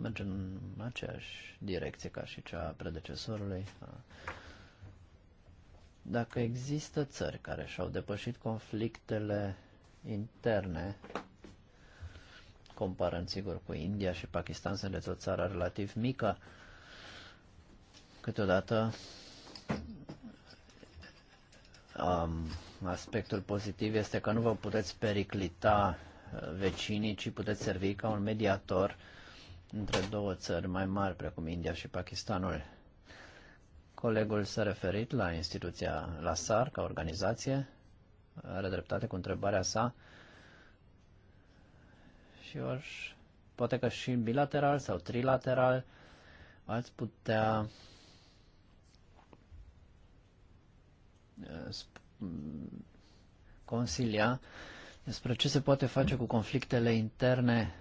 merge în aceeași direcție ca și cea a predecesorului. Dacă există țări care și-au depășit conflictele interne, comparând sigur cu India și Pakistan, sunt o țară relativ mică, uh, câteodată um, aspectul pozitiv este că nu vă puteți periclita uh, vecinii, ci puteți servi ca un mediator între două țări mai mari, precum India și Pakistanul. Colegul s-a referit la instituția, la ca organizație, are dreptate cu întrebarea sa și ori, poate că și bilateral sau trilateral ați putea Uh, mm, consilia despre ce se poate face cu conflictele interne,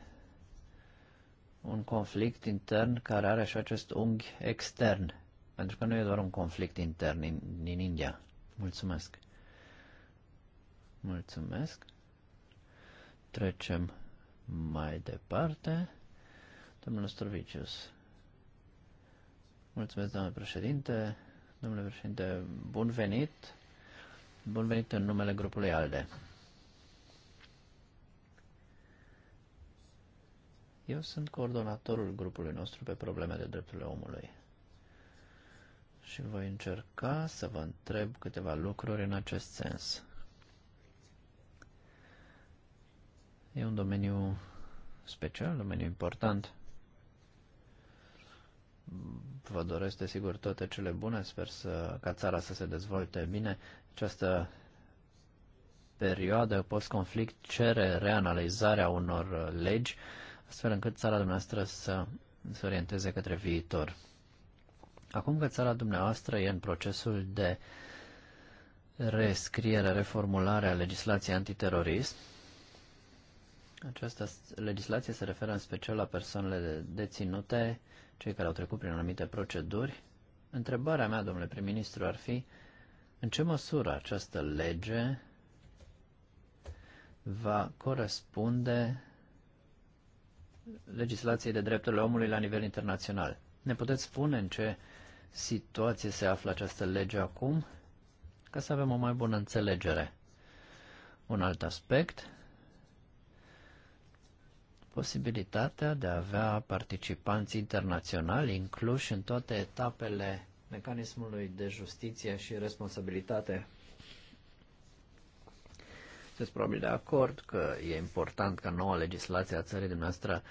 un conflict intern care are și acest unghi extern, pentru că nu e doar un conflict intern din, in India. Mulțumesc! Mulțumesc! Trecem mai departe. Domnul Strovicius. Mulțumesc, doamne președinte. Domnule președinte, bun venit. Bun venit în numele grupului ALDE. Eu sunt coordonatorul grupului nostru pe probleme de drepturile omului. Și voi încerca să vă întreb câteva lucruri în acest sens. E un domeniu special, un domeniu important vă doresc desigur toate cele bune, sper să, ca țara să se dezvolte bine. Această perioadă post-conflict cere reanalizarea unor uh, legi, astfel încât țara dumneavoastră să se orienteze către viitor. Acum că țara dumneavoastră e în procesul de rescriere, reformulare a legislației antiterorist, această legislație se referă în special la persoanele deținute cei care au trecut prin anumite proceduri, întrebarea mea, domnule prim-ministru, ar fi în ce măsură această lege va corespunde legislației de drepturile omului la nivel internațional. Ne puteți spune în ce situație se află această lege acum, ca să avem o mai bună înțelegere. Un alt aspect posibilitatea de a avea participanți internaționali incluși în toate etapele mecanismului de justiție și responsabilitate. Sunteți probabil de acord că e important ca noua legislație a țării dumneavoastră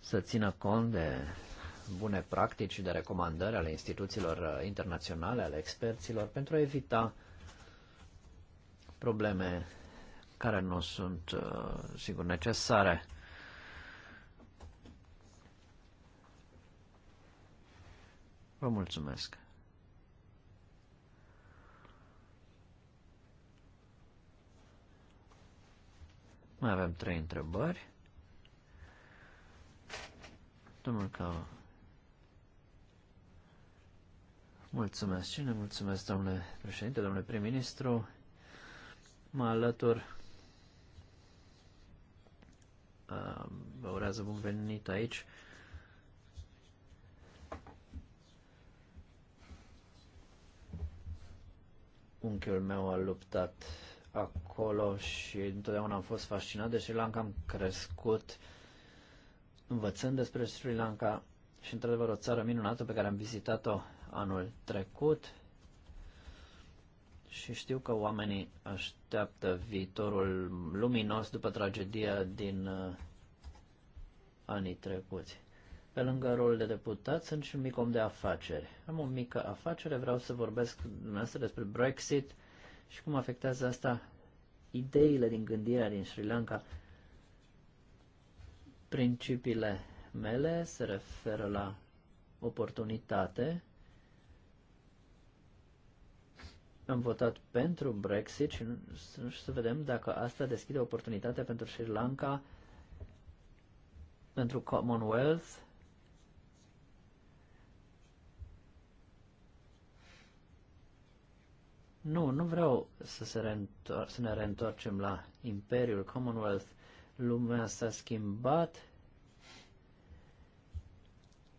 să țină cont de bune practici și de recomandări ale instituțiilor internaționale, ale experților, pentru a evita probleme care nu sunt, uh, sigur, necesare. Vă mulțumesc! Mai avem trei întrebări. Domnul Cava. Mulțumesc cine, mulțumesc domnule președinte, domnule prim-ministru. Mă alătur. Uh, vă urează bun venit aici. unchiul meu a luptat acolo și întotdeauna am fost fascinat de Sri Lanka, am crescut învățând despre Sri Lanka și într-adevăr o țară minunată pe care am vizitat-o anul trecut și știu că oamenii așteaptă viitorul luminos după tragedia din uh, anii trecuți. Pe lângă rolul de deputat, sunt și un mic om de afaceri. Am o mică afacere, vreau să vorbesc dumneavoastră despre Brexit și cum afectează asta ideile din gândirea din Sri Lanka. Principiile mele se referă la oportunitate. Am votat pentru Brexit și nu știu să vedem dacă asta deschide oportunitate pentru Sri Lanka, pentru Commonwealth Nu, nu vreau să, se reîntoar, să ne reîntoarcem la Imperiul Commonwealth. Lumea s-a schimbat.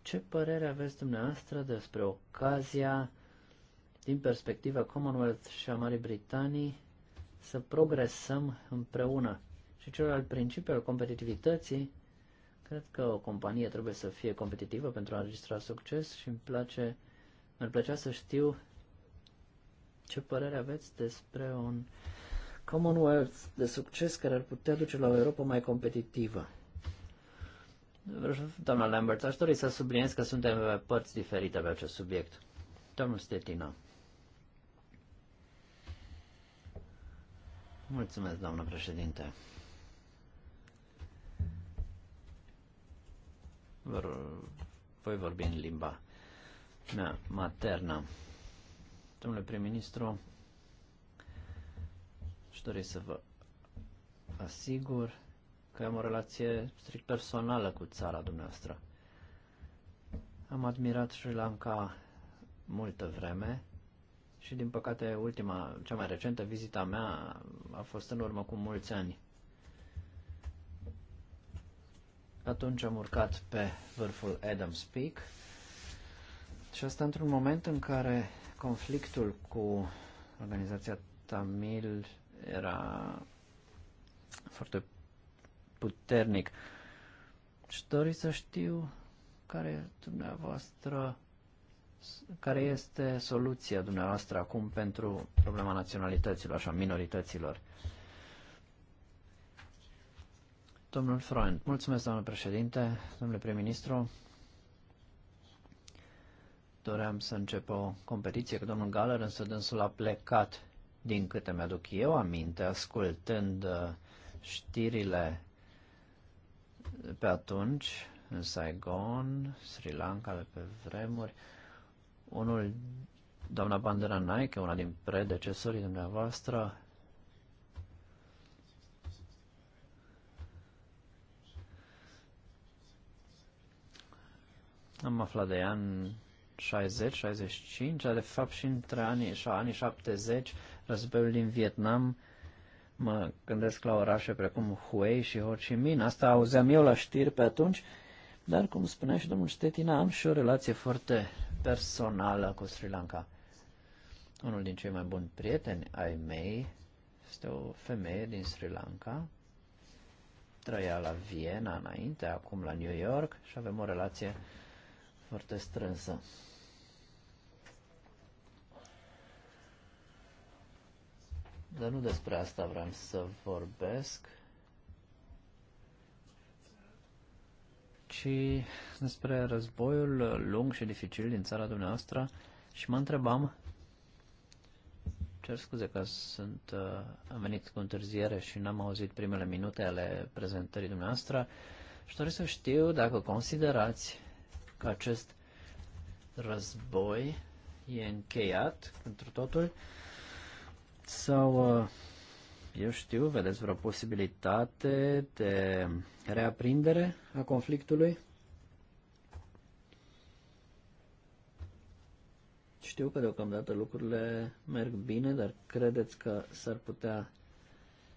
Ce părere aveți dumneavoastră despre ocazia din perspectiva Commonwealth și a Marii Britanii să progresăm împreună? Și celălalt principiu al competitivității, cred că o companie trebuie să fie competitivă pentru a înregistra succes și îmi place, mi-ar plăcea să știu ce părere aveți despre un Commonwealth de succes care ar putea duce la o Europa mai competitivă? Doamna Lambert, aș dori să subliniez că suntem pe părți diferite pe acest subiect. Domnul Stetina. Mulțumesc, doamnă președinte. Vor... Voi vorbi în limba mea maternă. Domnule prim-ministru, aș dori să vă asigur că am o relație strict personală cu țara dumneavoastră. Am admirat Sri Lanka multă vreme și, din păcate, ultima, cea mai recentă vizita mea a fost în urmă cu mulți ani. Atunci am urcat pe vârful Adams Peak și asta într-un moment în care conflictul cu organizația Tamil era foarte puternic. Și dori să știu care dumneavoastră care este soluția dumneavoastră acum pentru problema naționalităților, așa, minorităților. Domnul Freund, mulțumesc, domnule președinte, domnule prim-ministru doream să încep o competiție cu domnul Galer, însă dânsul a plecat, din câte mi-aduc eu aminte, ascultând uh, știrile pe atunci, în Saigon, Sri Lanka, de pe vremuri. Unul, doamna Bandera Naike, una din predecesorii dumneavoastră, Am aflat de ea în 60-65, dar de fapt și între anii, și anii 70, războiul din Vietnam, mă gândesc la orașe precum Hue și Ho Chi Minh, asta auzeam eu la știri pe atunci, dar cum spunea și domnul Ștetina, am și o relație foarte personală cu Sri Lanka. Unul din cei mai buni prieteni ai mei este o femeie din Sri Lanka, trăia la Viena înainte, acum la New York și avem o relație foarte strânsă. Dar nu despre asta vreau să vorbesc, ci despre războiul lung și dificil din țara dumneavoastră și mă întrebam, cer scuze că sunt, am venit cu întârziere și n-am auzit primele minute ale prezentării dumneavoastră și doresc să știu dacă considerați că acest război e încheiat pentru totul sau, uh, eu știu, vedeți vreo posibilitate de reaprindere a conflictului? Știu că deocamdată lucrurile merg bine, dar credeți că s-ar putea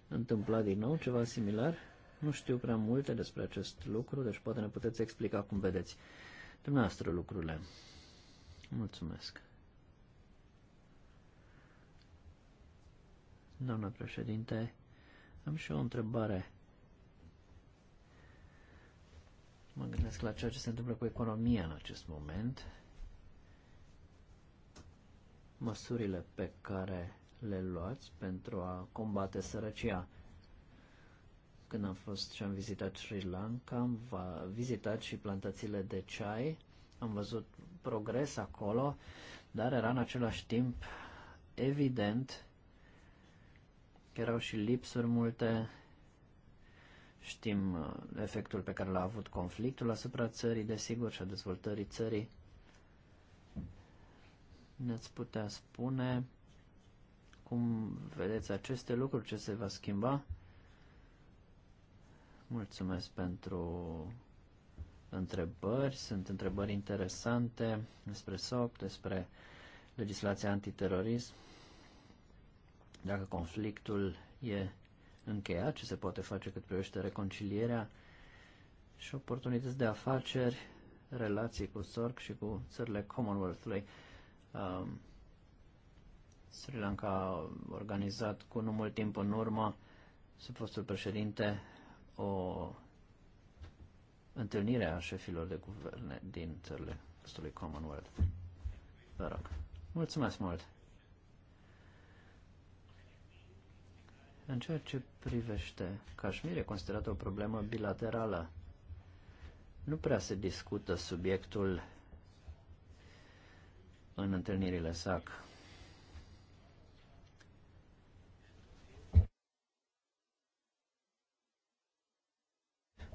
întâmpla din nou ceva similar? Nu știu prea multe despre acest lucru, deci poate ne puteți explica cum vedeți dumneavoastră lucrurile. Mulțumesc. Doamna președinte, am și o întrebare. Mă gândesc la ceea ce se întâmplă cu economia în acest moment. Măsurile pe care le luați pentru a combate sărăcia. Când am fost și am vizitat Sri Lanka, am vizitat și plantațiile de ceai, am văzut progres acolo, dar era în același timp evident erau și lipsuri multe. Știm uh, efectul pe care l-a avut conflictul asupra țării, desigur, și a dezvoltării țării. Ne-ați putea spune cum vedeți aceste lucruri, ce se va schimba? Mulțumesc pentru întrebări. Sunt întrebări interesante despre SOP, despre legislația antiterorism. Dacă conflictul e încheiat, ce se poate face cât privește reconcilierea și oportunități de afaceri, relații cu SORC și cu țările Commonwealth-ului. Um, Sri Lanka a organizat cu nu mult timp în urmă, sub fostul președinte, o întâlnire a șefilor de guverne din țările fostului Commonwealth. Vă rog. Mulțumesc mult! În ceea ce privește Cașmir, e considerată o problemă bilaterală. Nu prea se discută subiectul în întâlnirile SAC.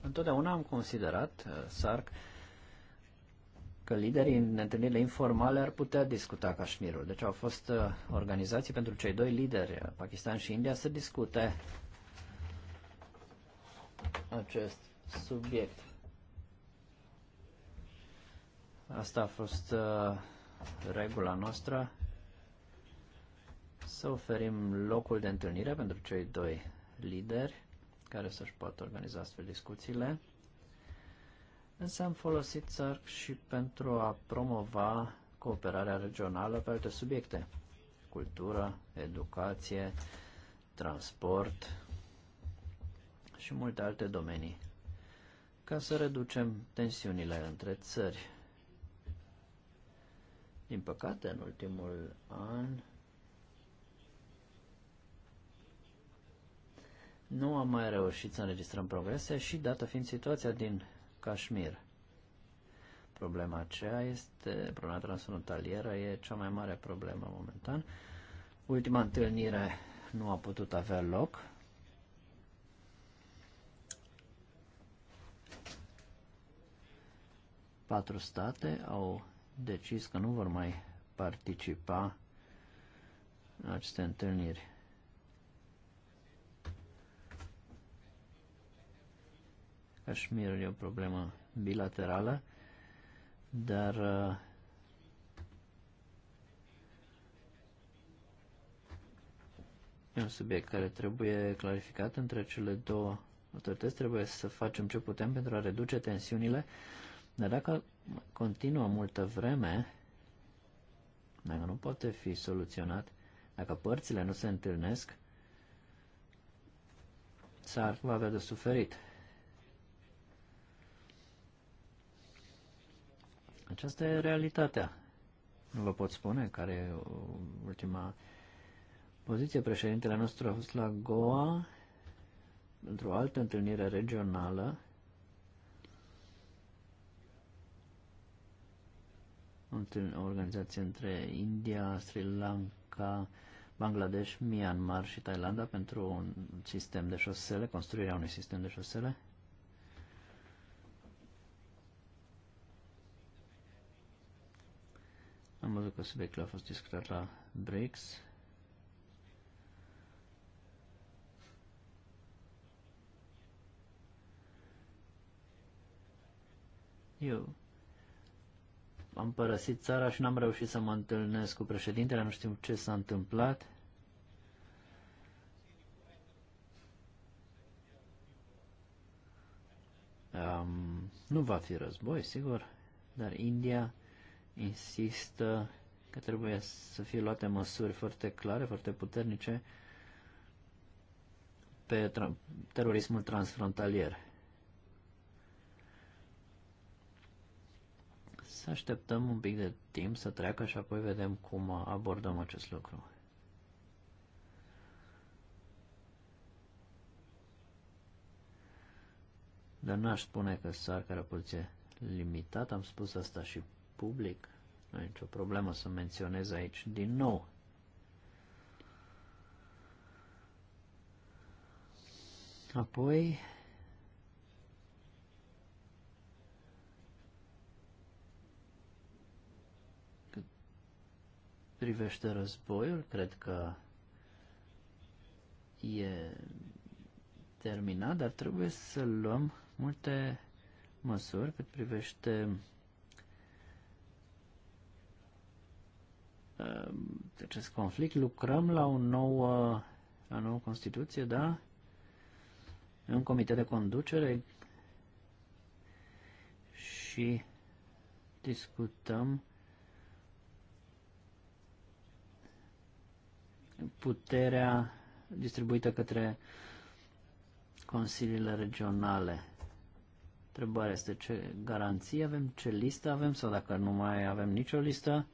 Întotdeauna am considerat uh, SARC că liderii în întâlnirile informale ar putea discuta Cașmirul. Deci au fost uh, organizații pentru cei doi lideri, uh, Pakistan și India, să discute acest subiect. Asta a fost uh, regula noastră, să oferim locul de întâlnire pentru cei doi lideri care să-și poată organiza astfel discuțiile. Însă am folosit SARC și pentru a promova cooperarea regională pe alte subiecte. Cultură, educație, transport și multe alte domenii. Ca să reducem tensiunile între țări. Din păcate, în ultimul an, nu am mai reușit să înregistrăm progrese și, dată fiind situația din Kashmir. Problema aceea este, problema transfrontalieră e cea mai mare problemă momentan. Ultima întâlnire nu a putut avea loc. Patru state au decis că nu vor mai participa în aceste întâlniri. Cașmirul e o problemă bilaterală, dar uh, e un subiect care trebuie clarificat între cele două autorități. Trebuie să facem ce putem pentru a reduce tensiunile, dar dacă continuă multă vreme, dacă nu poate fi soluționat, dacă părțile nu se întâlnesc, s-ar va avea de suferit. Aceasta e realitatea. Nu vă pot spune care e uh, ultima poziție. Președintele nostru a fost la Goa într-o altă întâlnire regională o organizație între India, Sri Lanka, Bangladesh, Myanmar și Thailanda pentru un sistem de șosele, construirea unui sistem de șosele. Am văzut că subiectul a fost discutat la BRICS. Eu am părăsit țara și n-am reușit să mă întâlnesc cu președintele, nu știu ce s-a întâmplat. Um, nu va fi război, sigur, dar India insistă că trebuie să fie luate măsuri foarte clare, foarte puternice pe tra- terorismul transfrontalier. Să așteptăm un pic de timp să treacă și apoi vedem cum abordăm acest lucru. Dar n-aș spune că sar ca poliție limitat, am spus asta și public. Nu e nicio problemă să menționez aici din nou. Apoi, cât privește războiul, cred că e terminat, dar trebuie să luăm multe măsuri cât privește de acest conflict. Lucrăm la, o nouă uh, la o nouă Constituție, da? E un comitet de conducere și discutăm puterea distribuită către consiliile regionale. Întrebarea este ce garanții avem, ce listă avem sau dacă nu mai avem nicio listă.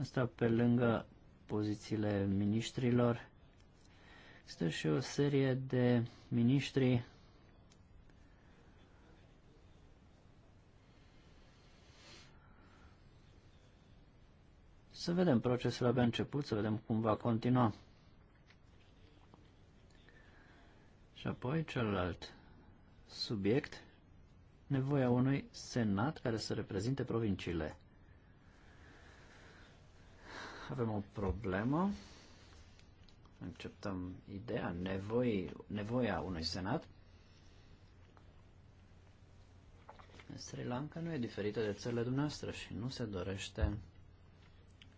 Asta pe lângă pozițiile ministrilor, este și o serie de ministri Să vedem procesul abia început, să vedem cum va continua. Și apoi celălalt subiect, nevoia unui senat care să reprezinte provinciile avem o problemă. Acceptăm ideea, nevoi, nevoia unui senat. Sri Lanka nu e diferită de țările dumneavoastră și nu se dorește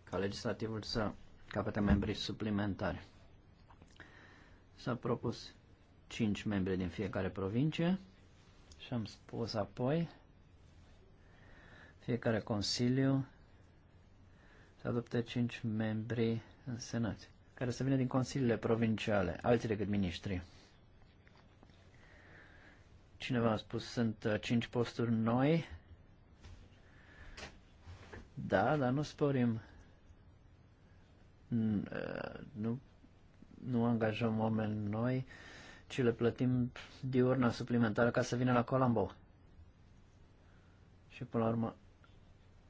ca legislativul să capete membri suplimentari. S-a propus 5 membri din fiecare provincie și am spus apoi fiecare consiliu se adoptă cinci membri în Senat, care să vină din consiliile provinciale, alții decât miniștri. Cineva a spus, sunt uh, cinci posturi noi. Da, dar nu sporim. Uh, nu, nu angajăm oameni noi, ci le plătim diurna suplimentară ca să vină la Colombo. Și până la urmă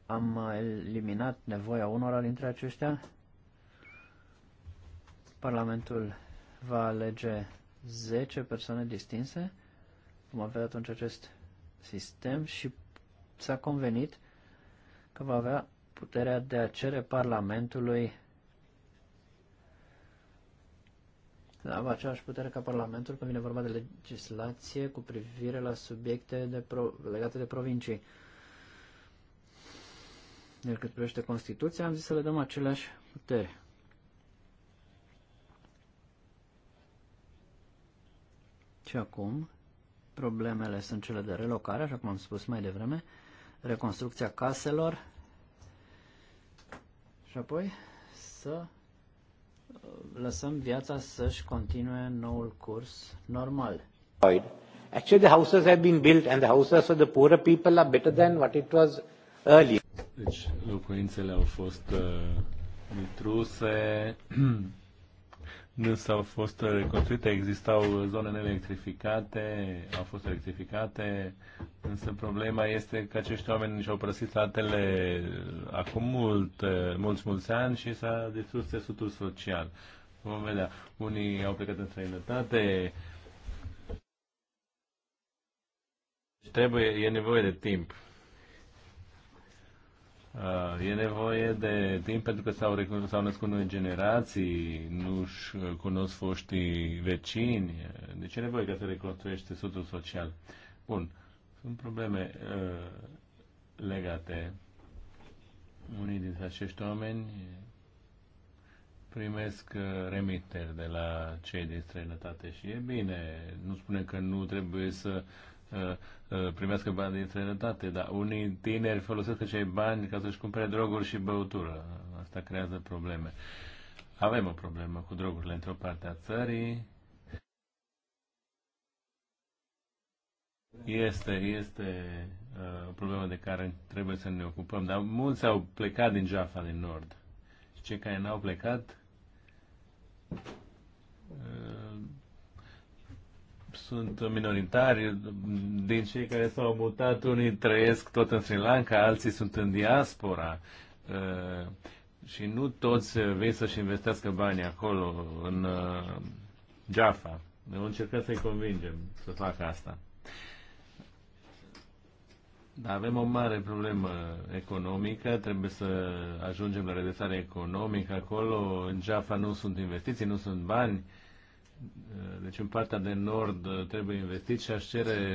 am eliminat nevoia unora dintre aceștia. Parlamentul va alege 10 persoane distinse. Vom avea atunci acest sistem și s-a convenit că va avea puterea de a cere Parlamentului avea aceeași putere ca Parlamentul când vine vorba de legislație cu privire la subiecte de pro, legate de provincii. Iar cât privește Constituția, am zis să le dăm aceleași putere. Și acum, problemele sunt cele de relocare, așa cum am spus mai devreme, reconstrucția caselor și apoi să uh, lăsăm viața să-și continue noul curs normal. Actually, the houses have been built and the houses for the poorer people are better than what it was earlier. Deci, locuințele au fost uh, <clears throat> nu s au fost reconstruite, existau zone neelectrificate, au fost electrificate, însă problema este că acești oameni și-au părăsit satele uh, acum mult, uh, mulți, mulți ani și s-a distrus tesutul social. Vom vedea. Unii au plecat în străinătate, deci trebuie, e nevoie de timp Uh, e nevoie de timp pentru că s-au, s-au născut noi generații, nu-și uh, cunosc foștii vecini. De deci e nevoie ca să reconstruiești țesutul social. Bun, sunt probleme uh, legate. Unii dintre acești oameni primesc uh, remiteri de la cei din străinătate și e bine. Nu spune că nu trebuie să uh, Uh, uh, primească bani din sănătate, dar unii tineri folosesc acei bani ca să-și cumpere droguri și băutură. Asta creează probleme. Avem o problemă cu drogurile într-o parte a țării. Este, este uh, o problemă de care trebuie să ne ocupăm, dar mulți au plecat din Jaffa, din Nord. Și cei care n-au plecat sunt minoritari, din cei care s-au mutat, unii trăiesc tot în Sri Lanka, alții sunt în diaspora uh, și nu toți vei să-și investească bani acolo, în uh, Jaffa. Noi încercăm să-i convingem să facă asta. Dar avem o mare problemă economică, trebuie să ajungem la redresare economică acolo, în Jaffa nu sunt investiții, nu sunt bani, uh, deci în partea de nord trebuie investit și aș cere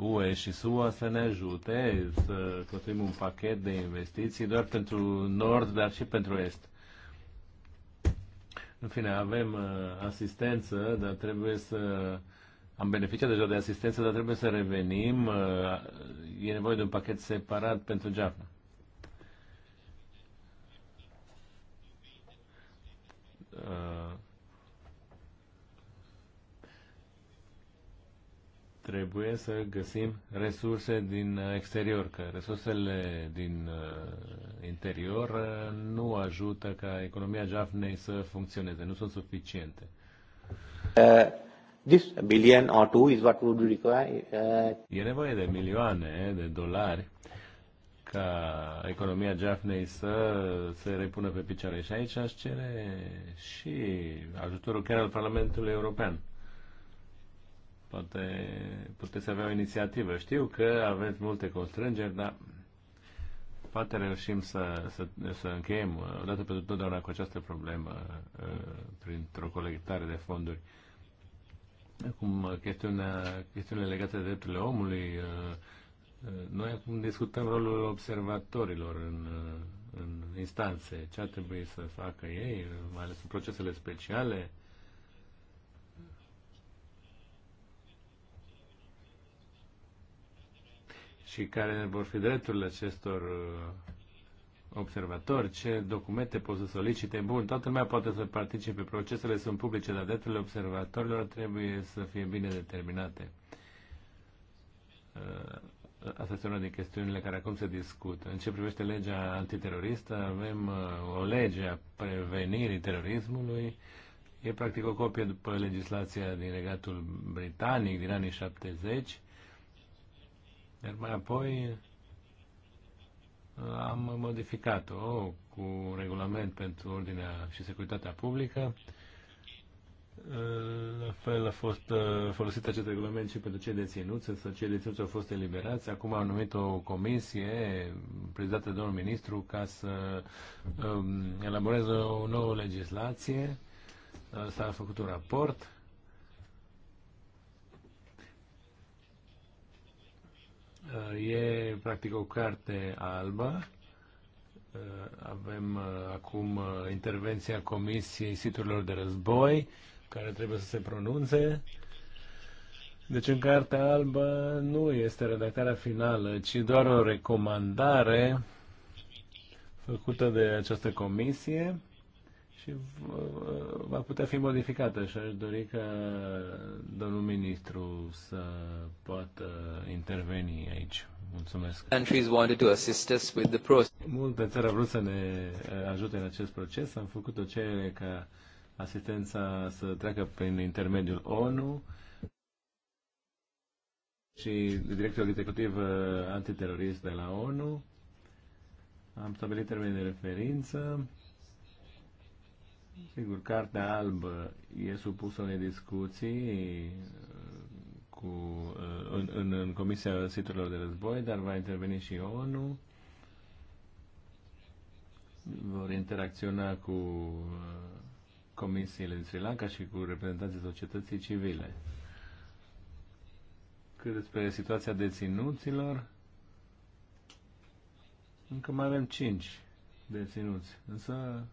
UE și SUA să ne ajute să construim un pachet de investiții doar pentru nord, dar și pentru est. În fine, avem uh, asistență, dar trebuie să... Am beneficiat deja de asistență, dar trebuie să revenim. Uh, e nevoie de un pachet separat pentru Jaffna. Uh, trebuie să găsim resurse din uh, exterior, că resursele din uh, interior uh, nu ajută ca economia Jafnei să funcționeze, nu sunt suficiente. Uh, this billion or two is what would require. Uh... E nevoie de milioane de dolari ca economia Jaffnei să se repună pe picioare. Și aici aș cere și ajutorul chiar al Parlamentului European. Poate puteți avea o inițiativă. Știu că aveți multe constrângeri, dar poate reușim să, să, să încheiem uh, odată pentru totdeauna cu această problemă uh, printr-o colectare de fonduri. Acum, uh, chestiunea, chestiunile legate de drepturile omului, noi acum discutăm rolul observatorilor în, în instanțe, ce ar trebui să facă ei, mai ales în procesele speciale, și care vor fi drepturile acestor uh, observatori, ce documente pot să solicite. Bun, toată lumea poate să participe, procesele sunt publice, dar drepturile observatorilor trebuie să fie bine determinate. Uh, asta este una din chestiunile care acum se discută. În ce privește legea antiteroristă, avem uh, o lege a prevenirii terorismului. E practic o copie după legislația din regatul britanic din anii 70 iar mai apoi am modificat-o cu un regulament pentru ordinea și securitatea publică. La fel a fost uh, folosit acest regulament și pentru cei deținuți, însă cei deținuți au fost eliberați. Acum am numit o comisie prezidată de domnul ministru ca să um, elaboreze o nouă legislație. Uh, s-a făcut un raport E practic o carte albă. Uh, avem uh, acum uh, intervenția Comisiei Siturilor de Război, care trebuie să se pronunțe. Deci în cartea albă nu este redactarea finală, ci doar o recomandare făcută de această comisie și va putea fi modificată și aș dori ca domnul ministru să poată interveni aici. Mulțumesc. Countries wanted to assist us with the process. Multe țări au vrut să ne eh, ajute în acest proces. Am făcut o cerere ca asistența să treacă prin intermediul ONU și directorul executiv eh, antiterorist de la ONU. Am stabilit termenii de referință Sigur, Cartea Albă e supusă unei discuții uh, cu, uh, în, în, în Comisia Siturilor de Război, dar va interveni și ONU. Vor interacționa cu uh, comisiile din Sri Lanka și cu reprezentanții societății civile. Cât despre situația deținuților, încă mai avem cinci deținuți, însă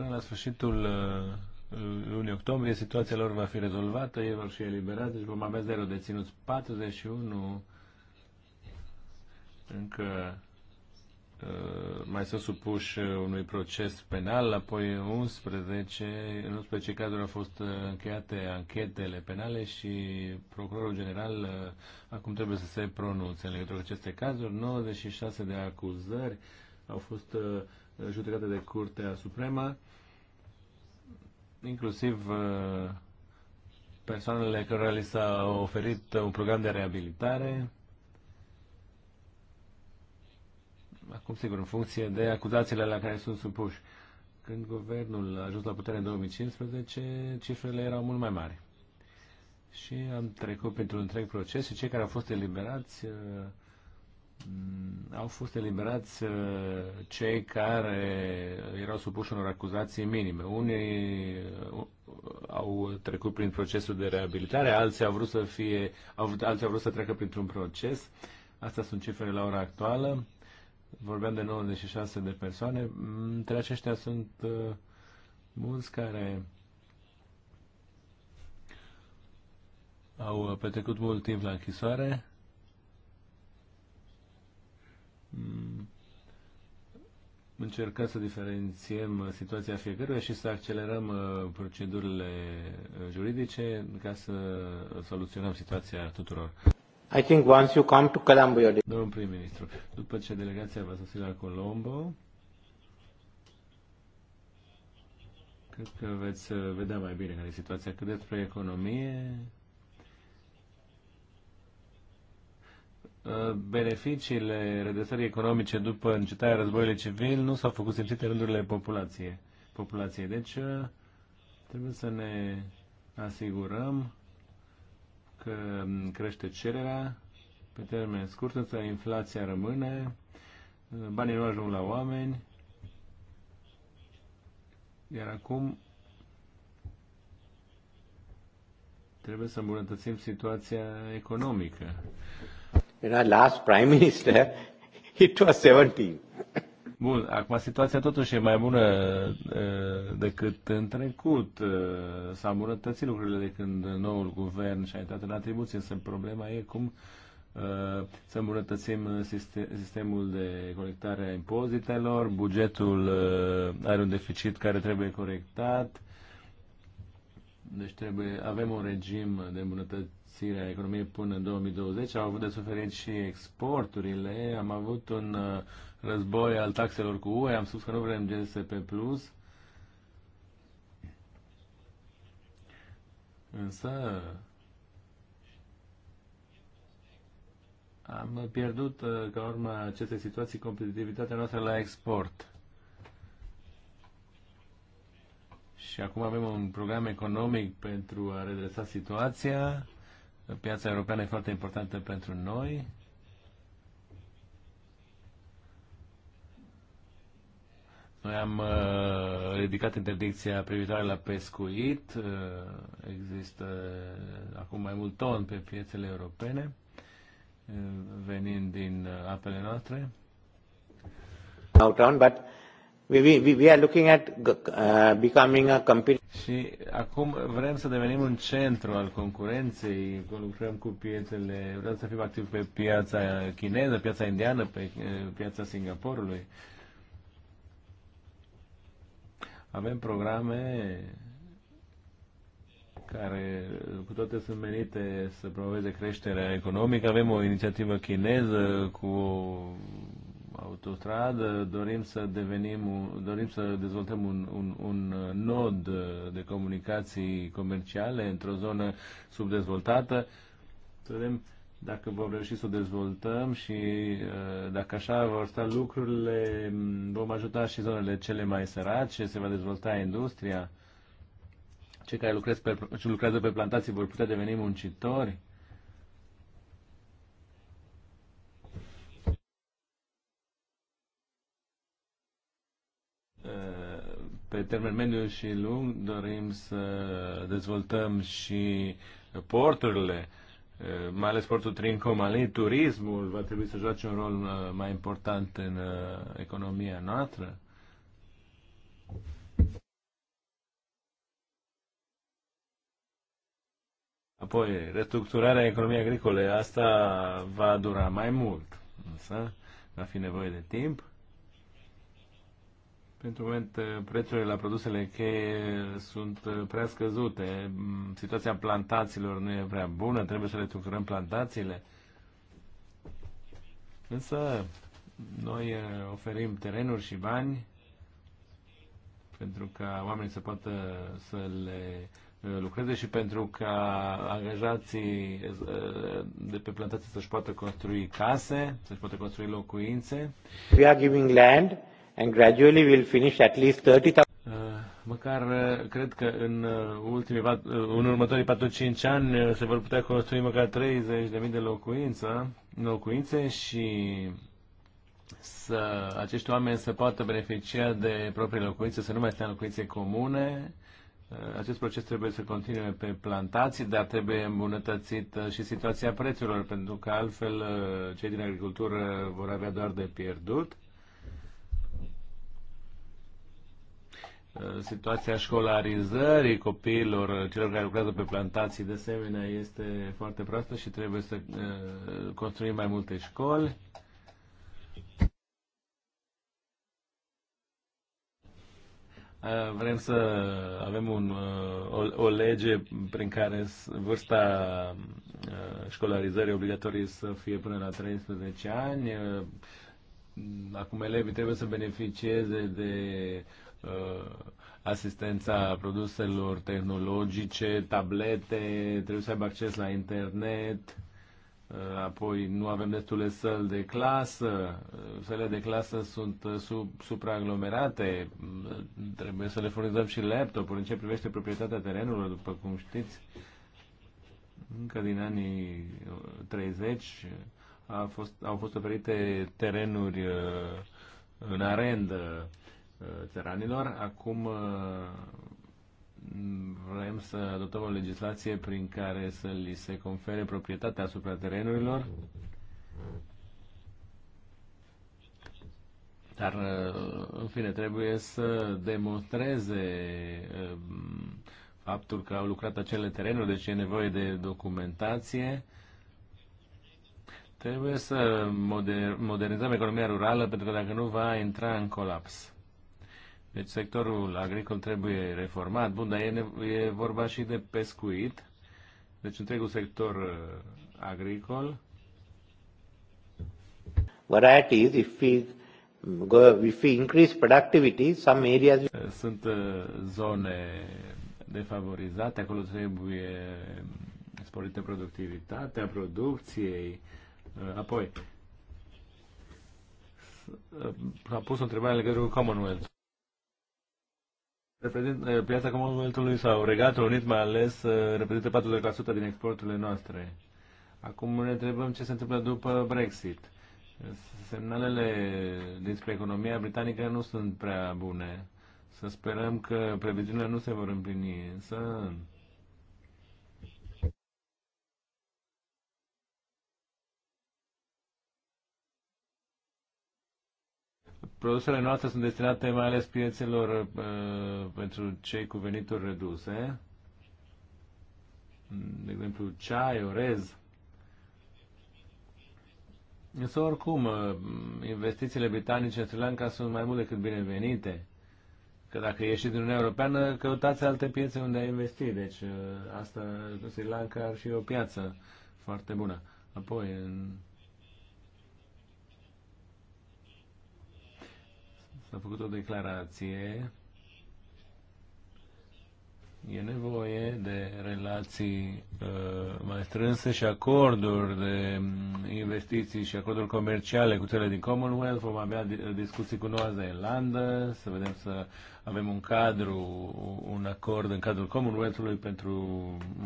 Până la sfârșitul uh, lunii octombrie, situația lor va fi rezolvată, ei vor fi eliberați, deci vom avea zero deținuți. 41 încă uh, mai sunt supuși unui proces penal, apoi 11, în 11 cazuri au fost uh, încheiate anchetele penale și procurorul general acum trebuie să se pronunțe în legătură cu aceste cazuri. 96 de acuzări au fost judecată de Curtea Supremă, inclusiv uh, persoanele care li s-a oferit un program de reabilitare. Acum, sigur, în funcție de acuzațiile la care sunt supuși. Când guvernul a ajuns la putere în 2015, cifrele erau mult mai mari. Și am trecut printr-un întreg proces și cei care au fost eliberați uh, Mm, au fost eliberați uh, cei care erau supuși unor acuzații minime. Unii uh, au trecut prin procesul de reabilitare, alții au vrut să fie, alții au vrut să treacă printr-un proces. Asta sunt cifrele la ora actuală. Vorbeam de 96 de persoane. Mm, între aceștia sunt uh, mulți care au petrecut mult timp la închisoare Mm. încercăm să diferențiem uh, situația fiecăruia și să accelerăm uh, procedurile uh, juridice ca să soluționăm situația tuturor. I think once you come to Colombo, you're... Domnul prim-ministru, după ce delegația va sosi la Colombo, cred că veți vedea mai bine care e situația. Cât despre economie, Ă, beneficiile redresării economice după încetarea războiului civil nu s-au făcut simțite în rândurile populației. Populație. Deci ă, trebuie să ne asigurăm că crește cererea pe termen scurt, însă inflația rămâne, ă, banii nu ajung la oameni, iar acum trebuie să îmbunătățim situația economică. When our last Prime Minister, <laughs> it was 17. Bun, acum situația totuși e mai bună uh, decât în trecut. Uh, S-au îmbunătățit lucrurile de când noul guvern și-a intrat în atribuție, însă problema e cum uh, să îmbunătățim sistem, sistemul de colectare a impozitelor, bugetul uh, are un deficit care trebuie corectat, deci trebuie, avem un regim de îmbunătățire îmbunătățire economiei până în 2020. Au avut de suferit și exporturile. Am avut un uh, război al taxelor cu UE. Am spus că nu vrem GSP+. Plus. Însă am pierdut uh, ca urma acestei situații competitivitatea noastră la export. Și acum avem un program economic pentru a redresa situația Piața europeană e foarte importantă pentru noi. Noi am uh, ridicat interdicția privitoare la pescuit. Uh, există uh, acum mai mult ton pe piețele europene, uh, venind din uh, apele noastre. Out on, but We, we, we are looking at uh, becoming a company. Și acum vrem să devenim un centru al concurenței, lucrăm cu piețele, vrem să fim activi pe piața chineză, piața indiană, pe uh, piața Singaporului. Avem programe care cu toate sunt menite să promoveze creșterea economică. Avem o inițiativă chineză cu autostradă, dorim să devenim, dorim să dezvoltăm un, un, un uh, nod uh, de comunicații comerciale într-o zonă subdezvoltată. Să vedem dacă vom reuși să o dezvoltăm și uh, dacă așa vor sta lucrurile, vom ajuta și zonele cele mai sărace, se va dezvolta industria. Cei care lucrează pe, lucrează pe plantații vor putea deveni muncitori Pe termen mediu și lung dorim să dezvoltăm și porturile, eh, mai ales portul Trincomalee, turismul va trebui să joace un rol eh, mai important în eh, economia noastră. Apoi, restructurarea economiei agricole, asta va dura mai mult, însă va fi nevoie de timp. Pentru moment, eh, prețurile la produsele cheie sunt eh, prea scăzute. Mm, situația plantațiilor nu e prea bună, trebuie să le restructurăm plantațiile. Însă, noi eh, oferim terenuri și bani pentru ca oamenii să poată să le lucreze și pentru ca angajații de pe plantație să-și poată construi case, să-și poată construi locuințe. We are giving land and gradually we'll finish at least 30,000. Uh, măcar uh, cred că în, uh, ultimii, în următorii 4-5 ani se vor putea construi măcar 30.000 de locuință, locuințe și să acești oameni să poată beneficia de proprii locuințe, să nu mai stea în locuințe comune. Acest proces trebuie să continue pe plantații, dar trebuie îmbunătățită și situația prețurilor, pentru că altfel cei din agricultură vor avea doar de pierdut Eh, situația școlarizării copiilor, eh, celor care lucrează pe plantații, de asemenea, este foarte proastă și trebuie să eh, construim mai multe școli. Vrem să avem un, o, o lege prin care vârsta școlarizării obligatorie să fie până la 13 ani. Acum elevii trebuie să beneficieze de Uh, asistența produselor tehnologice, tablete, trebuie să aibă acces la internet, uh, apoi nu avem destule săli de clasă, uh, sălile de clasă sunt sub, supraaglomerate, trebuie să le furnizăm și laptopuri. În ce privește proprietatea terenului, după cum știți, încă din anii 30 a fost, au fost oferite terenuri în arendă Uh, țăranilor. Acum uh, vrem să adoptăm o legislație prin care să li se confere proprietatea asupra terenurilor. Dar, uh, în fine, trebuie să demonstreze um, faptul că au lucrat acele terenuri, deci e nevoie de documentație. Trebuie să moder- modernizăm economia rurală, pentru că dacă nu va intra în colaps. Deci sectorul agricol trebuie reformat. Bun, dar e, e vorba și de pescuit. Deci întregul sector uh, agricol. Varieties, if we, go, if we increase productivity, some areas... Uh, sunt uh, zone defavorizate, acolo trebuie sporită productivitatea producției. Apoi, a pus o întrebare în legătură cu Commonwealth reprezint, eh, piața Commonwealth-ului sau Regatul Unit mai ales eh, reprezintă 40% din exporturile noastre. Acum ne întrebăm ce se întâmplă după Brexit. Semnalele despre economia britanică nu sunt prea bune. Să sperăm că previziunile nu se vor împlini, însă produsele noastre sunt destinate mai ales piețelor uh, pentru cei cu venituri reduse, de exemplu ceai, orez. Însă oricum, uh, investițiile britanice în Sri Lanka sunt mai mult decât binevenite. Că dacă ieșiți din Uniunea Europeană, căutați alte piețe unde a investi. Deci uh, asta, Sri Lanka ar fi o piață foarte bună. Apoi, în s-a făcut o declarație. E nevoie de relații uh, mai strânse și acorduri de mm, investiții și acorduri comerciale cu cele din Commonwealth. Vom avea discuții cu Noua Zeelandă, să vedem să avem un cadru, un acord în cadrul Commonwealth-ului pentru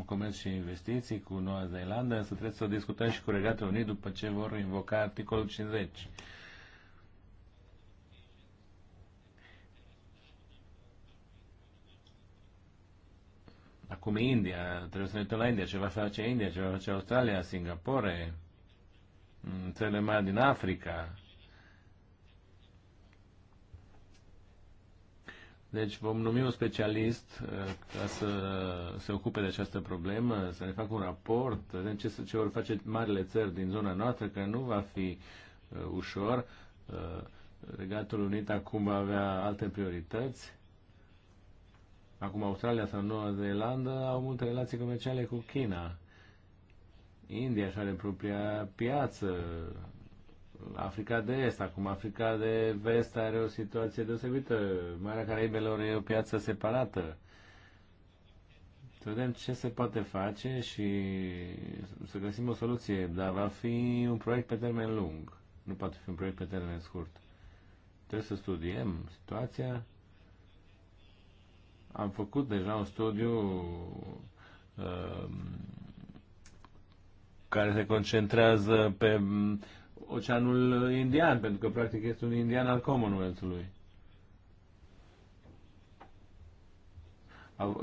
comerț și investiții cu Noua Zeelandă, însă trebuie să o discutăm și cu Regatul Unit după ce vor invoca articolul 50 Acum India, trebuie să ne uităm la India, ce va face India, ce va face Australia, Singapore, țările mari din Africa. Deci vom numi un specialist uh, ca să se ocupe de această problemă, să ne facă un raport, să vedem ce, ce vor face marile țări din zona noastră, că nu va fi uh, ușor. Uh, Regatul Unit acum va avea alte priorități Acum Australia sau Noua Zeelandă au multe relații comerciale cu China. India și are propria piață. Africa de Est, acum Africa de Vest are o situație deosebită. Marea Caraibelor e o piață separată. Să vedem ce se poate face și să găsim o soluție, dar va fi un proiect pe termen lung. Nu poate fi un proiect pe termen scurt. Trebuie să studiem situația am făcut deja un studiu uh, care se concentrează pe um, Oceanul Indian, pentru că practic este un indian al Commonwealth-ului.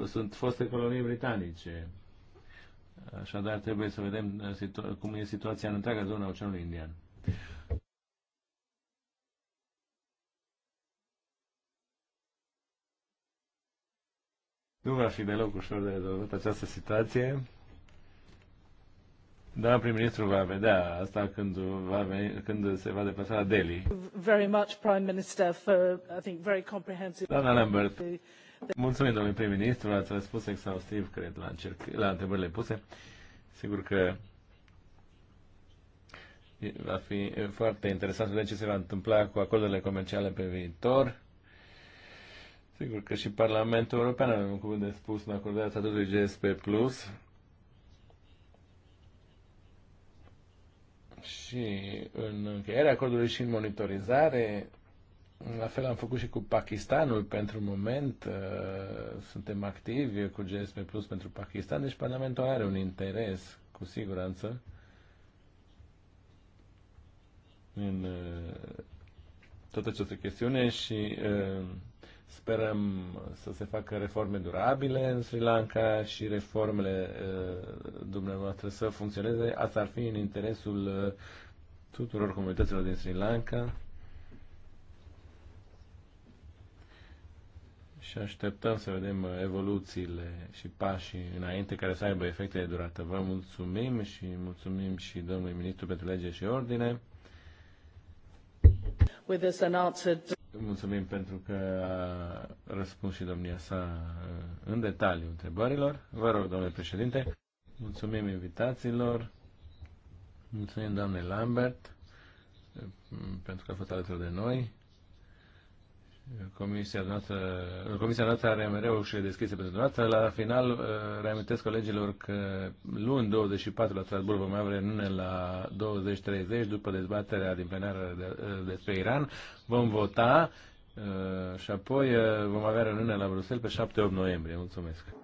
Sunt foste colonii britanice. Așadar, trebuie să vedem uh, cum e situația în întreaga zonă a Oceanului Indian. Nu va fi deloc ușor de rezolvat această situație. Da, prim-ministru va vedea asta când, va veni, când se va deplasa la Delhi. Very much, Prime Minister, for, I think, very comprehensive... Doamna Lambert, mulțumim, domnule prim-ministru, ați răspuns exhaustiv, cred, la, încerc, la întrebările puse. Sigur că va fi foarte interesant să vedem ce se va întâmpla cu acordurile comerciale pe viitor. Sigur că și Parlamentul European are un cuvânt de spus în acordarea statutului GSP+. Plus. Și în încheierea acordului și în monitorizare, la fel am făcut și cu Pakistanul pentru moment. Uh, suntem activi cu GSP Plus pentru Pakistan, deci Parlamentul are un interes, cu siguranță, în uh, toată această chestiune și uh, Sperăm să se facă reforme durabile în Sri Lanka și reformele dumneavoastră să funcționeze. Asta ar fi în interesul tuturor comunităților din Sri Lanka. și așteptăm să vedem evoluțiile și pașii înainte care să aibă efecte de durată. Vă mulțumim și mulțumim și domnului ministru pentru lege și ordine. With this announced... Mulțumim pentru că a răspuns și domnia sa uh, în detaliu întrebărilor. Vă rog, domnule președinte, mulțumim invitațiilor, mulțumim doamne Lambert uh, pentru că a fost alături de noi. Comisia noastră, comisia noastră are mereu ușile deschise pentru dumneavoastră. La final, uh, reamintesc colegilor că luni 24 la Strasburg vom avea reuniune la 20-30 după dezbaterea din plenară despre de, uh, despre Iran. Vom vota uh, și apoi uh, vom avea reuniune la Bruxelles pe 7-8 noiembrie. Mulțumesc!